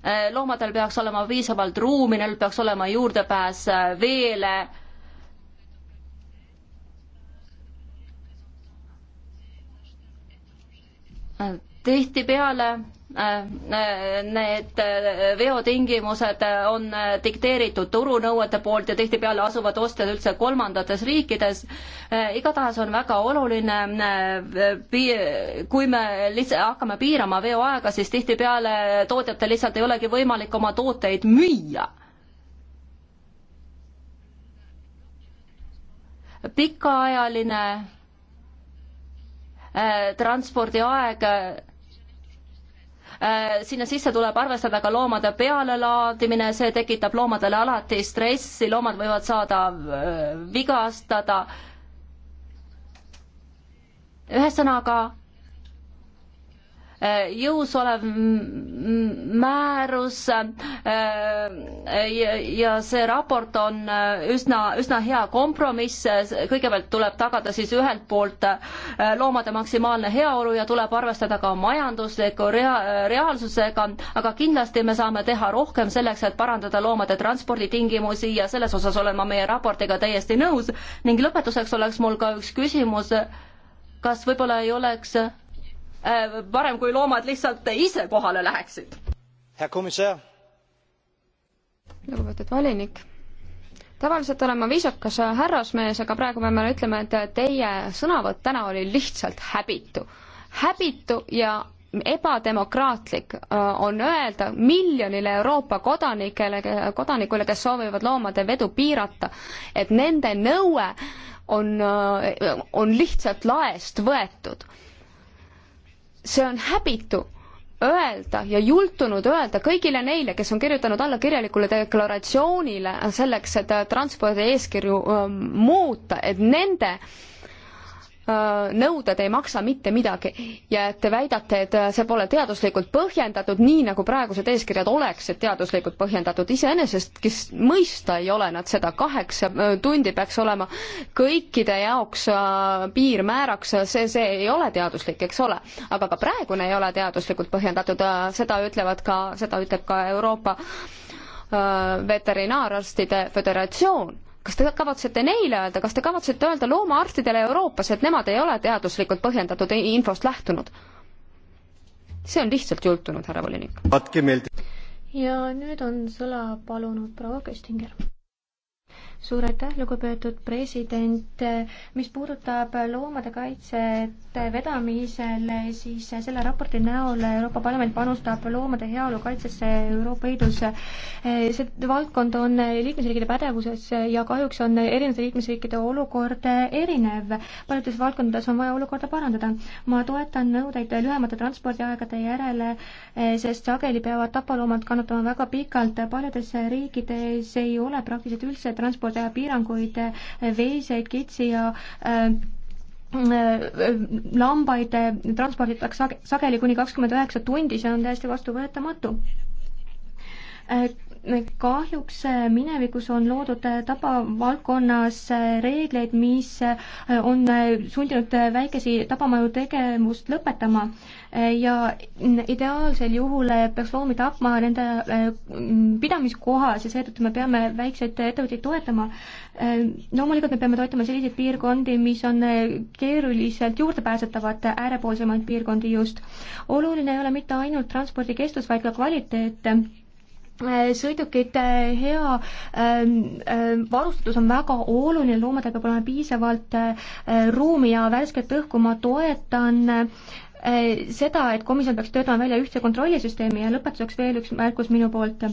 Eh, loomadel peaks olema piisavalt ruumi, neil peaks olema juurdepääs eh, veele. Eh, tihtipeale need veotingimused on dikteeritud turunõuete poolt ja tihtipeale asuvad ostjad üldse kolmandates riikides. igatahes on väga oluline, kui me lihtsalt hakkame piirama veoaega, siis tihtipeale tootjatel lihtsalt ei olegi võimalik oma tooteid müüa. pikaajaline eh, transpordiaeg Äh, sinna sisse tuleb arvestada ka loomade pealelaadimine, see tekitab loomadele alati stressi, loomad võivad saada äh, vigastada. ühesõnaga Äh, jõus olev määrus äh, ja see raport on äh, üsna, üsna hea kompromiss, kõigepealt tuleb tagada siis ühelt poolt loomade maksimaalne heaolu ja tuleb arvestada ka majandusliku rea-, reaalsusega, aga kindlasti me saame teha rohkem selleks, et parandada loomade transporditingimusi ja selles osas olen ma meie raportiga täiesti nõus ning lõpetuseks oleks mul ka üks küsimus, kas võib-olla ei oleks parem äh, kui loomad lihtsalt ise kohale läheksid. lugupeetud volinik tavaliselt olen ma viisakas härrasmees, aga praegu peame ütlema, et teie sõnavõtt täna oli lihtsalt häbitu. häbitu ja ebademokraatlik äh, on öelda miljonile Euroopa kodanikele, kodanikule, kes soovivad loomade vedu piirata, et nende nõue on, äh, on lihtsalt laest võetud see on häbitu öelda ja jultunud öelda kõigile neile, kes on kirjutanud alla kirjalikule deklaratsioonile selleks, et transpordi eeskirju ähm, muuta, et nende äh, Äh, nõuded ei maksa mitte midagi ja et te väidate, et äh, see pole teaduslikult põhjendatud, nii nagu praegused eeskirjad oleksid teaduslikult põhjendatud, iseenesest, kes mõista ei ole nad seda, kaheksa äh, tundi peaks olema kõikide jaoks piirmääraks, see, see ei ole teaduslik, eks ole. aga ka praegune ei ole teaduslikult põhjendatud, seda ütlevad ka, seda ütleb ka Euroopa veterinaararstide föderatsioon kas te kavatsete neile öelda, kas te kavatsete öelda loomaarstidele Euroopas, et nemad ei ole teaduslikult põhjendatud infost lähtunud? see on lihtsalt jultunud, härra volinik. ja nüüd on sõna palunud proua Köstinger suur aitäh, lugupeetud president. mis puudutab loomade kaitset vedamisel, siis selle raporti näol Euroopa Parlament panustab loomade heaolu kaitsesse Euroopa Liidus. see valdkond on liikmesriikide pädevuses ja kahjuks on erinevate liikmesriikide olukord erinev. paljudes valdkondades on vaja olukorda parandada. ma toetan nõudeid lühemate transpordiaegade järele, sest sageli peavad tapaloomad kannatama väga pikalt. paljudes riikides ei ole praktiliselt üldse transpordi teha piiranguid veiseid, kitsi ja äh, äh, lambaid transporditakse sageli kuni kakskümmend üheksa tundi, see on täiesti vastuvõetamatu äh, kahjuks äh, minevikus on loodud äh, tabavaldkonnas äh, reegleid, mis on sundinud väikesi tabamaju tegevust lõpetama ja ideaalsel juhul peaks loomi tapma nende pidamiskohas ja seetõttu me peame väikseid ettevõtteid toetama. loomulikult me peame toetama selliseid piirkondi, mis on keeruliselt juurdepääsetavad, äärepoolsemaid piirkondi just. oluline ei ole mitte ainult transpordi kestus, vaid ka kvaliteet Äh, sõidukite äh, hea ähm, äh, varustatus on väga oluline, loomadel peab olema piisavalt ruumi ja värsket õhku, ma toetan seda, et komisjon peaks töötama välja ühtse kontrollisüsteemi ja lõpetuseks veel üks märkus minu poolt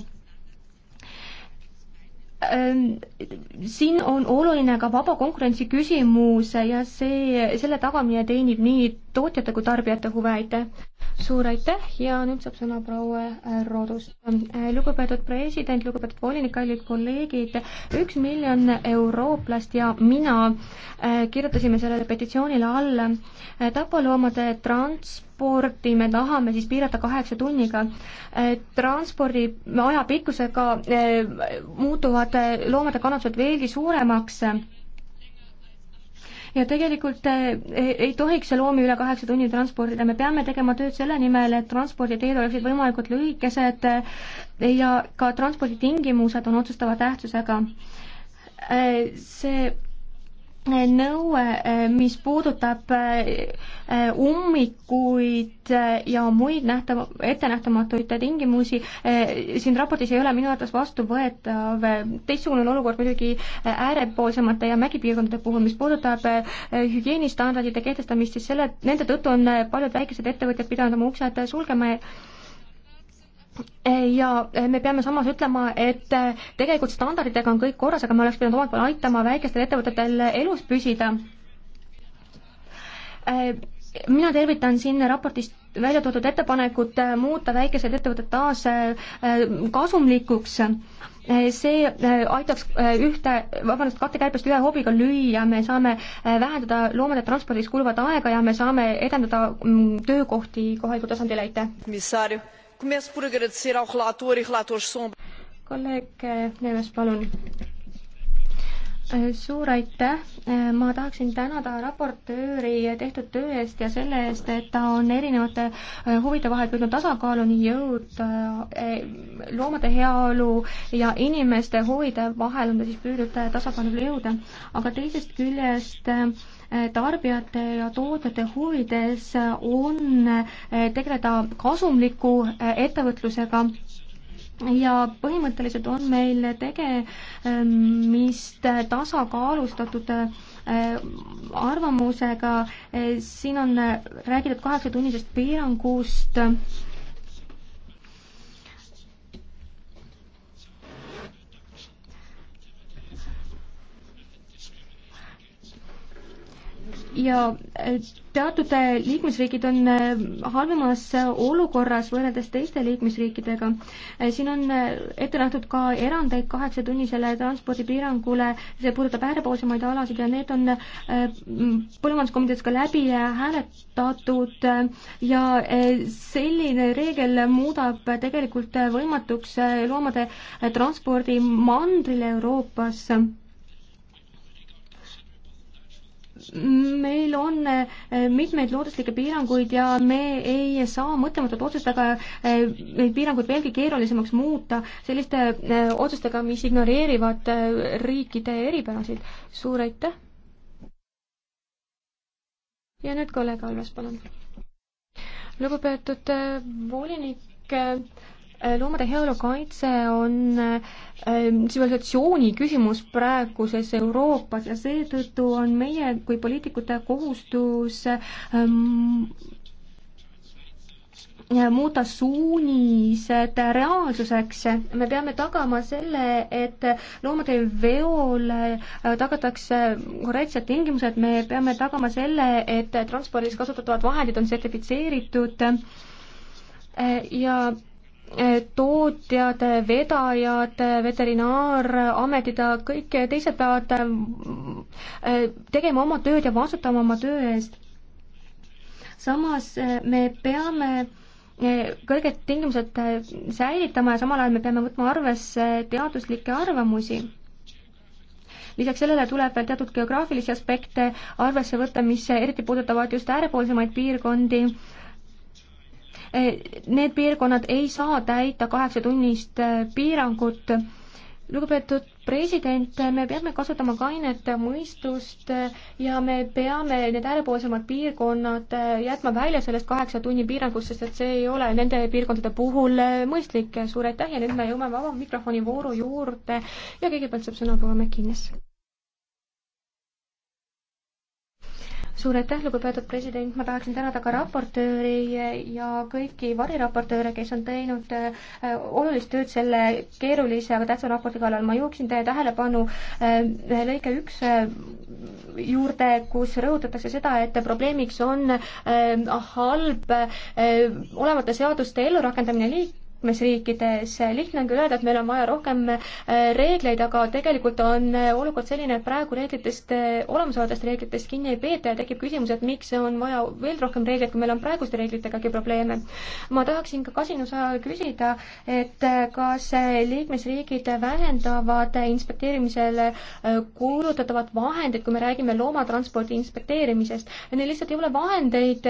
siin on oluline ka vaba konkurentsi küsimus ja see, selle tagamine teenib nii tootjate kui tarbijate huve, aitäh. suur aitäh ja nüüd saab sõna proua äh, Roodus. Äh, lugupeetud president, lugupeetud volinik, kallid kolleegid, üks miljon eurooplast ja mina äh, kirjutasime sellele petitsioonile alla tapaloomade trans-, transporti me tahame siis piirata kaheksa tunniga. Eh, transpordi aja pikkusega eh, muutuvad eh, loomade kannatused veelgi suuremaks ja tegelikult ei tohiks loomi üle kaheksa tunni transportida, me peame tegema tööd selle nimel, et transporditeed oleksid võimalikult lühikesed ja ka transporditingimused on otsustava tähtsusega. see nõue, eh, mis puudutab eh, ummikuid eh, ja muid nähtav, ettenähtamatuid tingimusi, siin raportis ei ole minu arvates vastuvõetav. teistsugune on olukord muidugi äärepoolsemate ja mägipiirkondade puhul, mis puudutab hügieenistandardite kehtestamist, siis selle, nende tõttu on paljud väikesed ettevõtjad pidanud oma uksed sulgema ja eh, me peame samas ütlema, et eh, tegelikult standarditega on kõik korras, aga me oleks pidanud omalt poolt aitama väikestel ettevõtetel elus püsida. Eh, mina tervitan siin raportis välja toodud ettepanekut muuta väikesed ettevõtted taas kasumlikuks. see aitaks ühte, vabandust, kattekärbest ühe hoobiga lüüa, me saame vähendada loomade transpordis kuluvat aega ja me saame edendada mm, töökohti kohalikul tasandil, aitäh! Começo por agradecer ao relator e relatores sombra. kolleeg eh, Neves, palun. Eh, suur aitäh, eh, ma tahaksin tänada raportööri tehtud töö eest ja selle eest, et ta on erinevate huvide vahel püüdnud tasakaaluni jõuda loomade heaolu ja inimeste huvide vahel on ta siis püüdnud tasakaalule jõuda, aga teisest küljest äh, Eh, tarbijate ja tootjate huvides eh, on eh, tegeleda kasumliku ettevõtlusega ja põhimõtteliselt on meil tegemist ehm, tasakaalustatud arvamusega, siin on räägitud kaheksatunnisest piirangust ja äh, teatud äh, liikmesriigid on äh, halvemas olukorras võrreldes teiste liikmesriikidega. siin on ette nähtud ka erandeid kaheksatunnisele transpordipiirangule, see puudutab äärepoolsemaid alasid ja need on põllumajanduskomitees ka läbi hääletatud ja selline reegel muudab tegelikult võimatuks loomade transpordi mandril Euroopas meil on eh, mitmeid looduslikke piiranguid ja me ei saa mõttematute otsustega eh, neid piiranguid veelgi keerulisemaks muuta, selliste eh, otsustega, mis ignoreerivad riikide eripärasid. suur aitäh! ja nüüd kolleeg Alves, palun. lugupeetud volinik, Äh, loomade heaolu kaitse on äh, tsivilisatsiooni küsimus praeguses Euroopas ja seetõttu on meie kui poliitikute kohustus ähm, äh, muuta suunised reaalsuseks. me peame tagama selle, et loomade veol tagatakse korrektsed tingimused, me peame tagama selle, et transpordis kasutatavad vahendid on sertifitseeritud ja tootjad, vedajad, veterinaarametid, kõik teised peavad äh, tegema oma tööd ja vastutama oma töö eest. samas äh, me peame äh, kõrged tingimused säilitama ja samal ajal me peame võtma arvesse teaduslikke arvamusi lisaks sellele tuleb veel teatud geograafilisi aspekte arvesse võtta, mis eriti puudutavad just äärepoolsemaid piirkondi, Need piirkonnad ei saa täita kaheksatunnist äh, piirangut. lugupeetud president, me peame kasutama kainet mõistust äh, ja me peame need äärepoolsemad piirkonnad äh, jätma välja sellest kaheksa tunni piirangust, sest et see ei ole nende piirkondade puhul mõistlik. suur aitäh ja nüüd me jõuame vaba mikrofoni vooru juurde ja kõigepealt saab sõna proua Mäkkinis. suur aitäh, lugupeetud president, ma tahaksin tänada ka raportööri ja kõiki variraportööre, kes on teinud äh, olulist tööd selle keerulise, aga tähtsa raporti kallal. ma jooksin teie tähelepanu äh, lõike üks äh, juurde, kus rõhutatakse seda, et probleemiks on halb olevate seaduste ellurakendamine liik-, liikmesriikides. lihtne on küll öelda, et meil on vaja rohkem äh, reegleid, aga tegelikult on äh, olukord selline, et praegu reeglitest, äh, olemasolevatest reeglitest kinni ei peeta ja tekib küsimus, et miks on vaja veel rohkem reegleid, kui meil on praeguste reeglitegagi probleeme. ma tahaksin ka kasinuse ajal küsida, et kas liikmesriigid vähendavad inspekteerimisele kulutatavad vahendid, kui me räägime loomatranspordi inspekteerimisest, neil lihtsalt ei ole vahendeid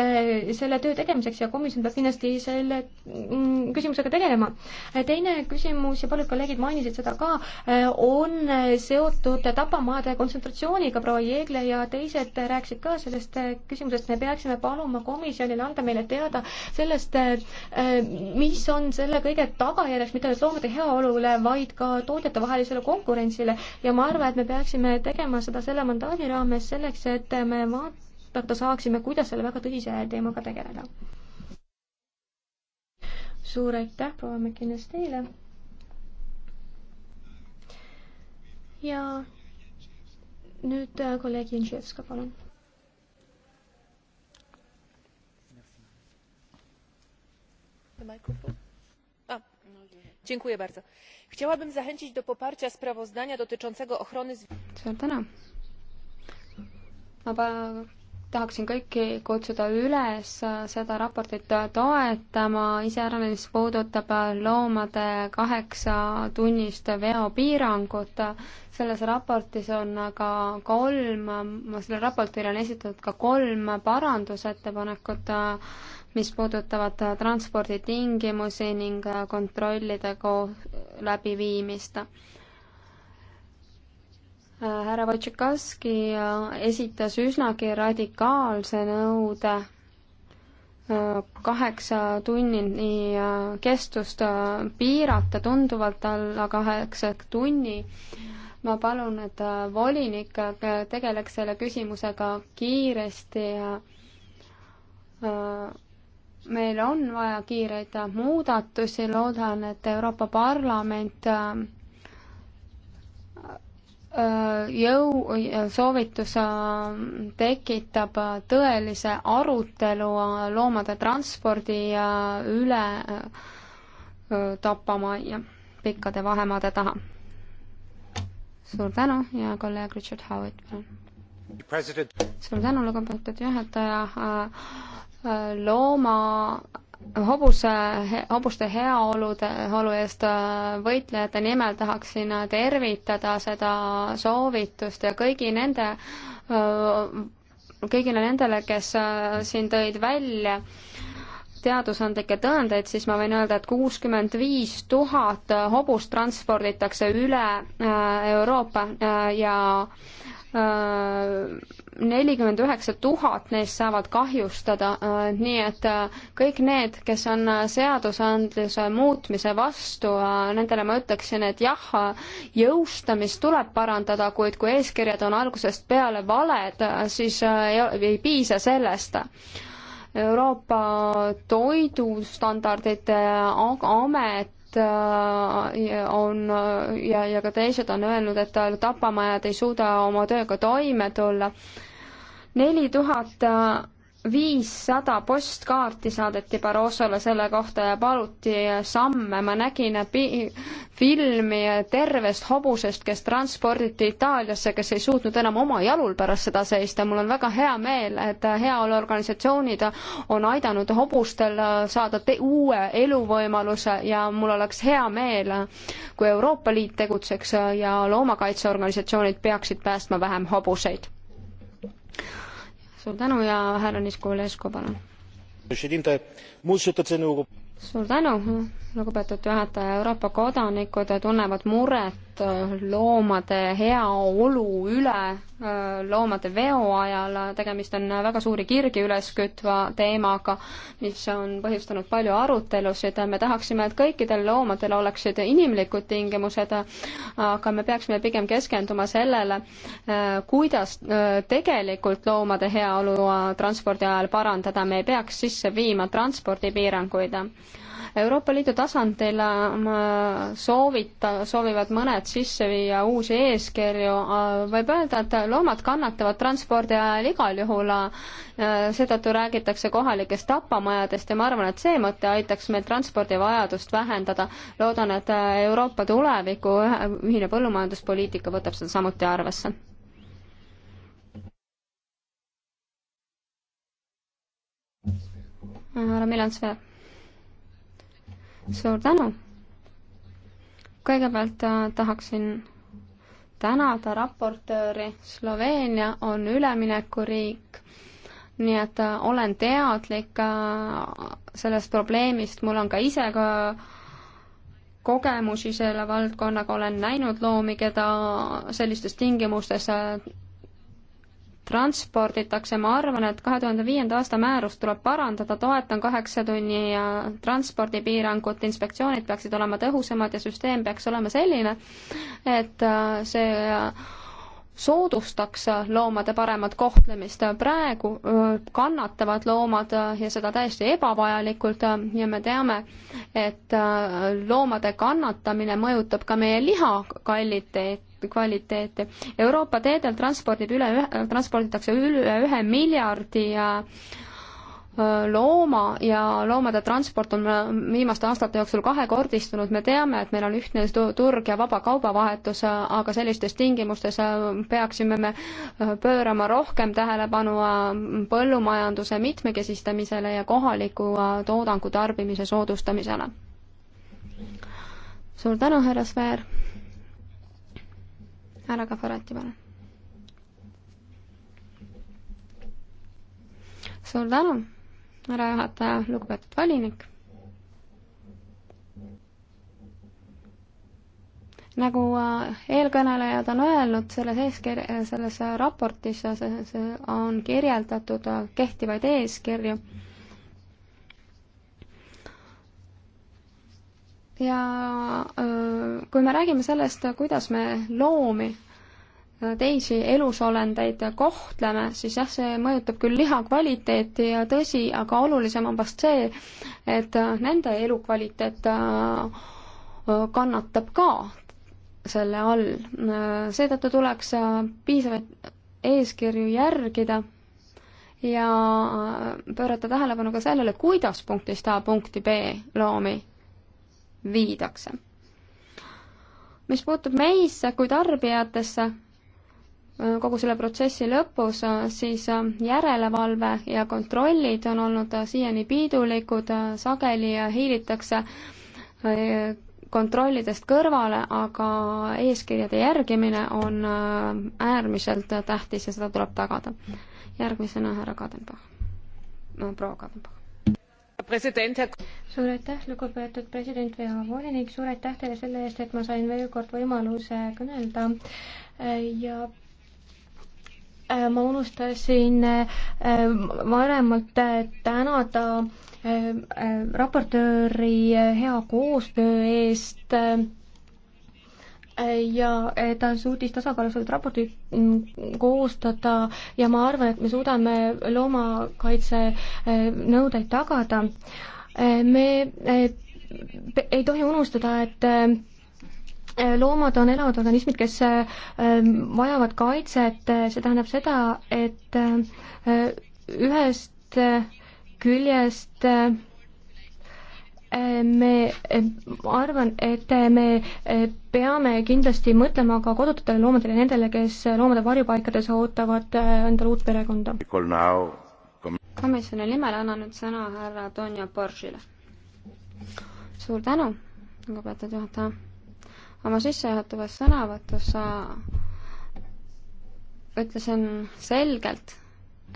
selle töö tegemiseks ja komisjon peab kindlasti selle mm, küsimusega tegelema tegelema. Äh, teine küsimus ja paljud kolleegid mainisid seda ka, äh, on äh, seotud tapamajade kontsentratsiooniga, proua Jeegle ja teised rääkisid ka sellest küsimusest, me peaksime paluma komisjonile anda meile teada sellest, mis on selle kõige tagajärjeks mitte ainult loomade heaolule, vaid ka tootjatevahelisele konkurentsile ja ma arvan, et me peaksime tegema seda selle mandaadi raames selleks, et me vaatame, saaksime, kuidas selle väga tõsise teemaga tegeleda suur aitäh, proua Mäkkines, teile. ja nüüd äh, kolleeg Jentševska, palun. Dziękuję bardzo. Chciałabym zachęcić do poparcia sprawozdania dotyczącego ochrony. Suur tänu. ma tahaksin kõiki kutsuda üles seda raportit toetama, iseäranis puudutab loomade kaheksatunnist veopiirangut. selles raportis on aga kolm, sellel raportil on esitatud ka kolm parandusettepanekut, mis puudutavad transporditingimusi ning kontrollide läbiviimist härra Wojciechowski äh, esitas üsnagi radikaalse nõude äh, kaheksa tunnini äh, kestust piirata tunduvalt alla kaheksa tunni. ma palun, et volinik tegeleks selle küsimusega kiiresti ja meil on vaja kiireid muudatusi, loodan, et Euroopa Parlament jõu, soovitus äh, tekitab tõelise arutelu äh, loomade transpordi üle äh, tapamajja pikkade vahemaade taha. suur tänu ja kolleeg Richard Howitt, palun. suur tänu, lugupeetud juhataja. looma hobuse, hobuste heaolude, olu eest äh, võitlejate nimel tahaksin tervitada seda soovitust ja kõigi nende, äh, kõigile nendele, kes äh, siin tõid välja äh, teadusandlikke tõendeid, siis ma võin öelda, et kuuskümmend viis tuhat hobust transporditakse üle äh, Euroopa äh, ja äh, nelikümmend üheksa tuhat neist saavad kahjustada, nii et kõik need, kes on seadusandluse muutmise vastu, nendele ma ütleksin, et jah, jõustamist tuleb parandada, kuid kui eeskirjad on algusest peale valed, siis ei, ei piisa sellest Euroopa Toidustandardite Amet äh, on ja, ja ka teised on öelnud, et tapamajad ei suuda oma tööga toime tulla. neli tuhat äh, viissada postkaarti saadeti Barrosole selle kohta ja paluti samme, ma nägin filmi tervest hobusest, kes transporditi Itaaliasse, kes ei suutnud enam oma jalul pärast seda seista, mul on väga hea meel, et heaoluorganisatsioonid on aidanud hobustel saada uue eluvõimaluse ja mul oleks hea meel, kui Euroopa Liit tegutseks ja loomakaitseorganisatsioonid peaksid päästma vähem hobuseid suur tänu ja härra Niskolesko, palun. suur tänu lugupeetud juhataja, Euroopa kodanikud tunnevad muret äh, loomade heaolu üle äh, loomade veo ajal. tegemist on väga suuri kirgi üles kütva teemaga, mis on põhjustanud palju arutelusid. me tahaksime, et kõikidel loomadel oleksid inimlikud tingimused, aga me peaksime pigem keskenduma sellele, äh, kuidas tegelikult loomade heaolu transpordi ajal parandada. me ei peaks sisse viima transpordipiiranguid Euroopa Liidu tasandil äh, soovita, soovivad mõned sisse viia uusi eeskirju, äh, võib öelda, et loomad kannatavad transpordi ajal igal juhul, äh, seetõttu räägitakse kohalikest tapamajadest ja ma arvan, et see mõte aitaks meil transpordivajadust vähendada. loodan, et Euroopa tuleviku ühine põllumajanduspoliitika võtab seda samuti arvesse. härra Milansveer suur tänu! kõigepealt äh, tahaksin tänada raportööri, Sloveenia on üleminekuriik, nii et äh, olen teadlik äh, sellest probleemist, mul on ka ise ka kogemusi selle valdkonnaga, olen näinud loomi, keda sellistes tingimustes transporditakse, ma arvan, et kahe tuhande viienda aasta määrust tuleb parandada, toetan kaheksa tunni transpordipiirangut, inspektsioonid peaksid olema tõhusamad ja süsteem peaks olema selline, et äh, see äh, soodustaks äh, loomade paremat kohtlemist. praegu kannatavad loomad ja seda täiesti ebavajalikult ja me teame, et loomade kannatamine mõjutab ka meie liha kvaliteeti kvaliteeti. Euroopa teedel transpordib üle, transporditakse üle ühe miljardi ja looma ja loomade transport on viimaste aastate jooksul kahekordistunud, me teame, et meil on ühtne turg ja vaba kaubavahetus, aga sellistes tingimustes peaksime me pöörama rohkem tähelepanu põllumajanduse mitmekesistamisele ja kohaliku toodangu tarbimise soodustamisele. suur tänu, härra Sveer! härra Kafarati, palun. suur tänu, härra juhataja, lugupeetud volinik. nagu äh, eelkõnelejad on öelnud, selles eeskir-, selles raportis on kirjeldatud äh, kehtivaid eeskirju ja kui me räägime sellest, kuidas me loomi, teisi elusolendeid kohtleme, siis jah, see mõjutab küll liha kvaliteeti ja tõsi, aga olulisem on vast see, et nende elukvaliteet kannatab ka selle all. seetõttu tuleks piisavaid eeskirju järgida ja pöörata tähelepanu ka sellele, kuidas punktist A punkti B loomi viidakse. mis puutub meisse kui tarbijatesse, äh, kogu selle protsessi lõpus, äh, siis äh, järelevalve ja kontrollid on olnud siiani piidulikud, sageli hiilitakse kontrollidest kõrvale, aga eeskirjade järgimine on äärmiselt tähtis ja seda tuleb tagada. järgmisena härra Kadenbach no,, proua Kadenbach suur aitäh, lugupeetud president ja volinik, suur aitäh teile selle eest, et ma sain veel kord võimaluse kõnelda ja äh, ma unustasin äh, varemalt äh, tänada raportööri hea koostöö eest ja ta suutis tasakaalustatud raporti mm, koostada ja ma arvan, et me suudame loomakaitsenõudeid e, tagada. E, me e, ei tohi unustada, et loomad on elavad organismid, kes vajavad kaitset, see tähendab seda, et ühest küljest me, eh, ma arvan, et eh, me eh, peame kindlasti mõtlema ka kodututele loomadele, nendele, kes loomade varjupaikades ootavad endale uut perekonda. komisjoni nimel annan nüüd sõna härra Tonja Boržile. suur tänu, lugupeetud juhataja. oma sissejuhatavas sõnavõtus äh, ütlesin selgelt,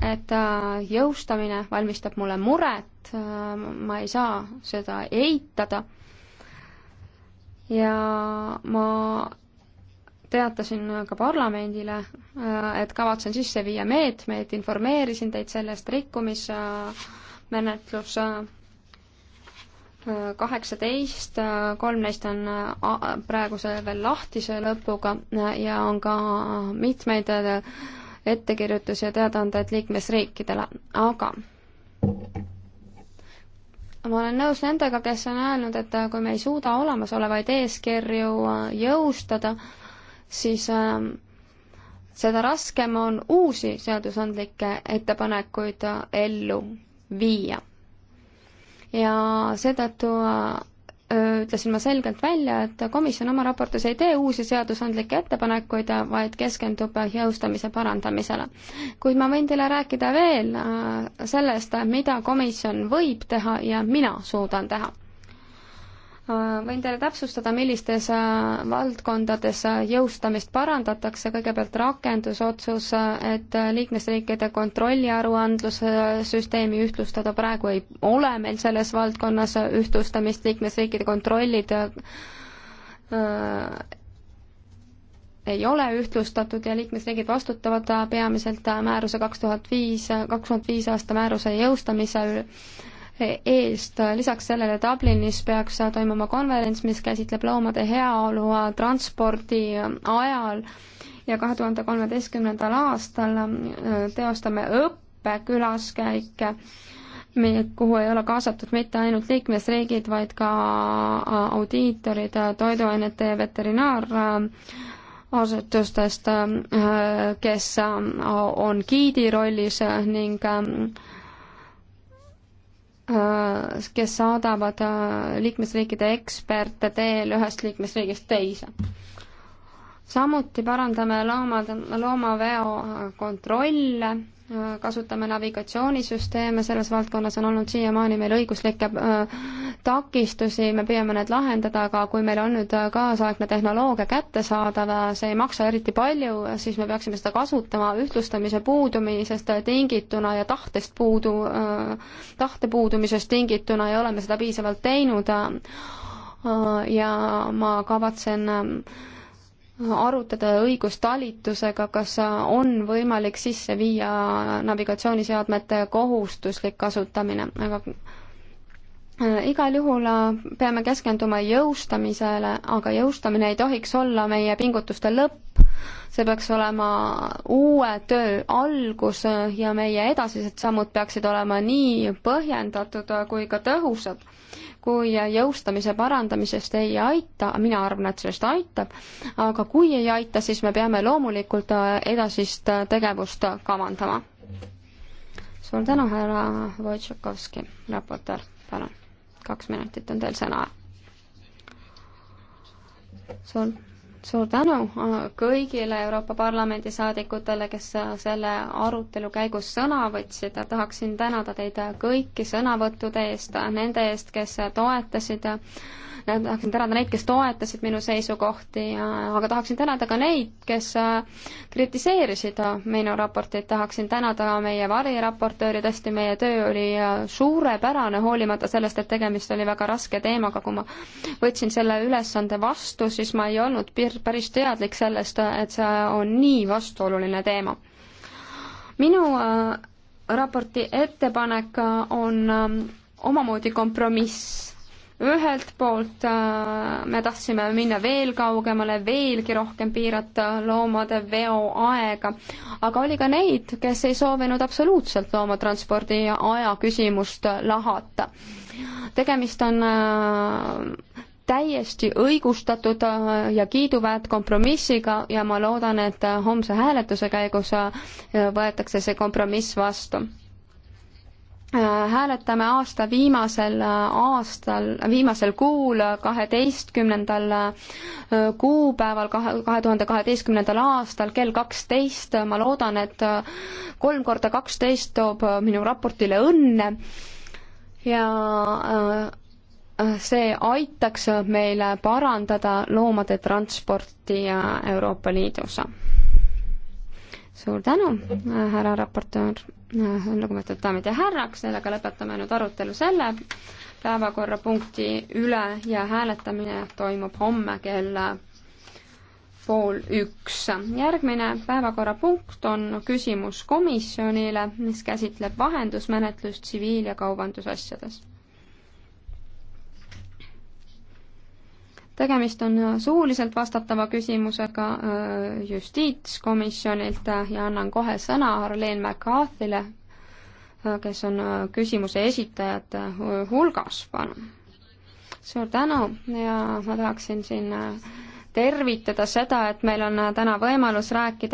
et äh, jõustamine valmistab mulle muret, äh, ma ei saa seda eitada. ja ma teatasin ka parlamendile, äh, et kavatsen sisse viia meetmeid, informeerisin teid sellest rikkumismenetlus kaheksateist, kolm neist on praeguse veel lahtise lõpuga ja on ka mitmeid ettekirjutusi ja teadaandeid liikmesriikidele, aga ma olen nõus nendega, kes on öelnud, et kui me ei suuda olemasolevaid eeskirju jõustada, siis äh, seda raskem on uusi seadusandlikke ettepanekuid ellu viia. ja seetõttu äh, ütlesin ma selgelt välja, et komisjon oma raportis ei tee uusi seadusandlikke ettepanekuid, vaid keskendub jõustamise parandamisele. kuid ma võin teile rääkida veel äh, sellest, mida komisjon võib teha ja mina suudan teha võin teile täpsustada, millistes äh, valdkondades äh, jõustamist parandatakse, kõigepealt rakendusotsus, äh, et liikmesriikide kontrolliaruandlussüsteemi ühtlustada, praegu ei ole meil selles valdkonnas ühtlustamist, liikmesriikide kontrollid ei ole ühtlustatud ja liikmesriigid vastutavad peamiselt määruse kaks tuhat viis, kaks tuhat viis aasta määruse jõustamise eest, lisaks sellele Dublinis peaks toimuma konverents, mis käsitleb loomade heaolu transpordi ajal ja kahe tuhande kolmeteistkümnendal aastal äh, teostame õppekülaskäike, kuhu ei ole kaasatud mitte ainult liikmesriigid, vaid ka äh, audiitorid äh, toiduainete ja veterinaar asutustest, kes on giidi rollis ning Äh, kes saadavad äh, liikmesriikide eksperte teel ühest liikmesriigist teise. samuti parandame loomad, loomaveo kontrolle kasutame navigatsioonisüsteeme, selles valdkonnas on olnud siiamaani meil õiguslikke äh, takistusi, me püüame need lahendada, aga kui meil on nüüd kaasaegne tehnoloogia kättesaadav, see ei maksa eriti palju, siis me peaksime seda kasutama ühtlustamise puudumisest tingituna ja tahtest puudu, äh, tahte puudumisest tingituna ja oleme seda piisavalt teinud. Äh, ja ma kavatsen arutada õigustalitusega, kas on võimalik sisse viia navigatsiooniseadmete kohustuslik kasutamine, aga äh, igal juhul äh, peame keskenduma jõustamisele, aga jõustamine ei tohiks olla meie pingutuste lõpp, see peaks olema uue töö algus ja meie edasised sammud peaksid olema nii põhjendatud äh, kui ka tõhusad kui jõustamise parandamisest ei aita, mina arvan, et sellest aitab, aga kui ei aita, siis me peame loomulikult äh, edasist äh, tegevust kavandama. suur tänu, härra Wojtšakovski, raportöör, palun. kaks minutit on teil sõna. suur suur tänu äh, kõigile Euroopa Parlamendi saadikutele, kes äh, selle arutelu käigus sõna võtsid. tahaksin tänada teid kõiki sõnavõttude eest, nende eest, kes toetasid Äh, tahaksin tänada neid, kes toetasid minu seisukohti ja, aga tahaksin tänada ka neid, kes äh, kritiseerisid äh, minu raportit, tahaksin tänada meie variraportööri, tõesti meie töö oli suurepärane, hoolimata sellest, et tegemist oli väga raske teemaga, kui ma võtsin selle ülesande vastu, siis ma ei olnud pir-, päris teadlik sellest, et see on nii vastuoluline teema. minu raporti ettepanek on omamoodi kompromiss ühelt poolt äh, me tahtsime minna veel kaugemale, veelgi rohkem piirata loomade veoaega, aga oli ka neid, kes ei soovinud absoluutselt loomatranspordi aja küsimust lahata. tegemist on äh, täiesti õigustatud äh, ja kiiduväärt kompromissiga ja ma loodan, et homse hääletuse käigus võetakse see kompromiss vastu hääletame aasta viimasel aastal, viimasel kuul, kaheteistkümnendal äh, kuupäeval, kahe tuhande kaheteistkümnendal aastal kell kaksteist. ma loodan, et äh, kolm korda kaksteist toob äh, minu raportile õnne ja see aitaks meil parandada loomade transporti Euroopa Liidus. suur tänu, härra raportöör Noh, lugupeetud daamid ja härrad, sellega lõpetame nüüd arutelu selle päevakorrapunkti üle ja hääletamine toimub homme kell pool üks. järgmine päevakorrapunkt on küsimus komisjonile, mis käsitleb vahendusmenetlust tsiviil- ja kaubandusasjades tegemist on äh, suuliselt vastatava küsimusega äh, justiitskomisjonilt äh, ja annan kohe sõna Arlen McCarthy'le, kes on küsimuse esitajate hulgas, palun. suur tänu ja ma tahaksin siin tervitada seda, et meil on täna võimalus rääkida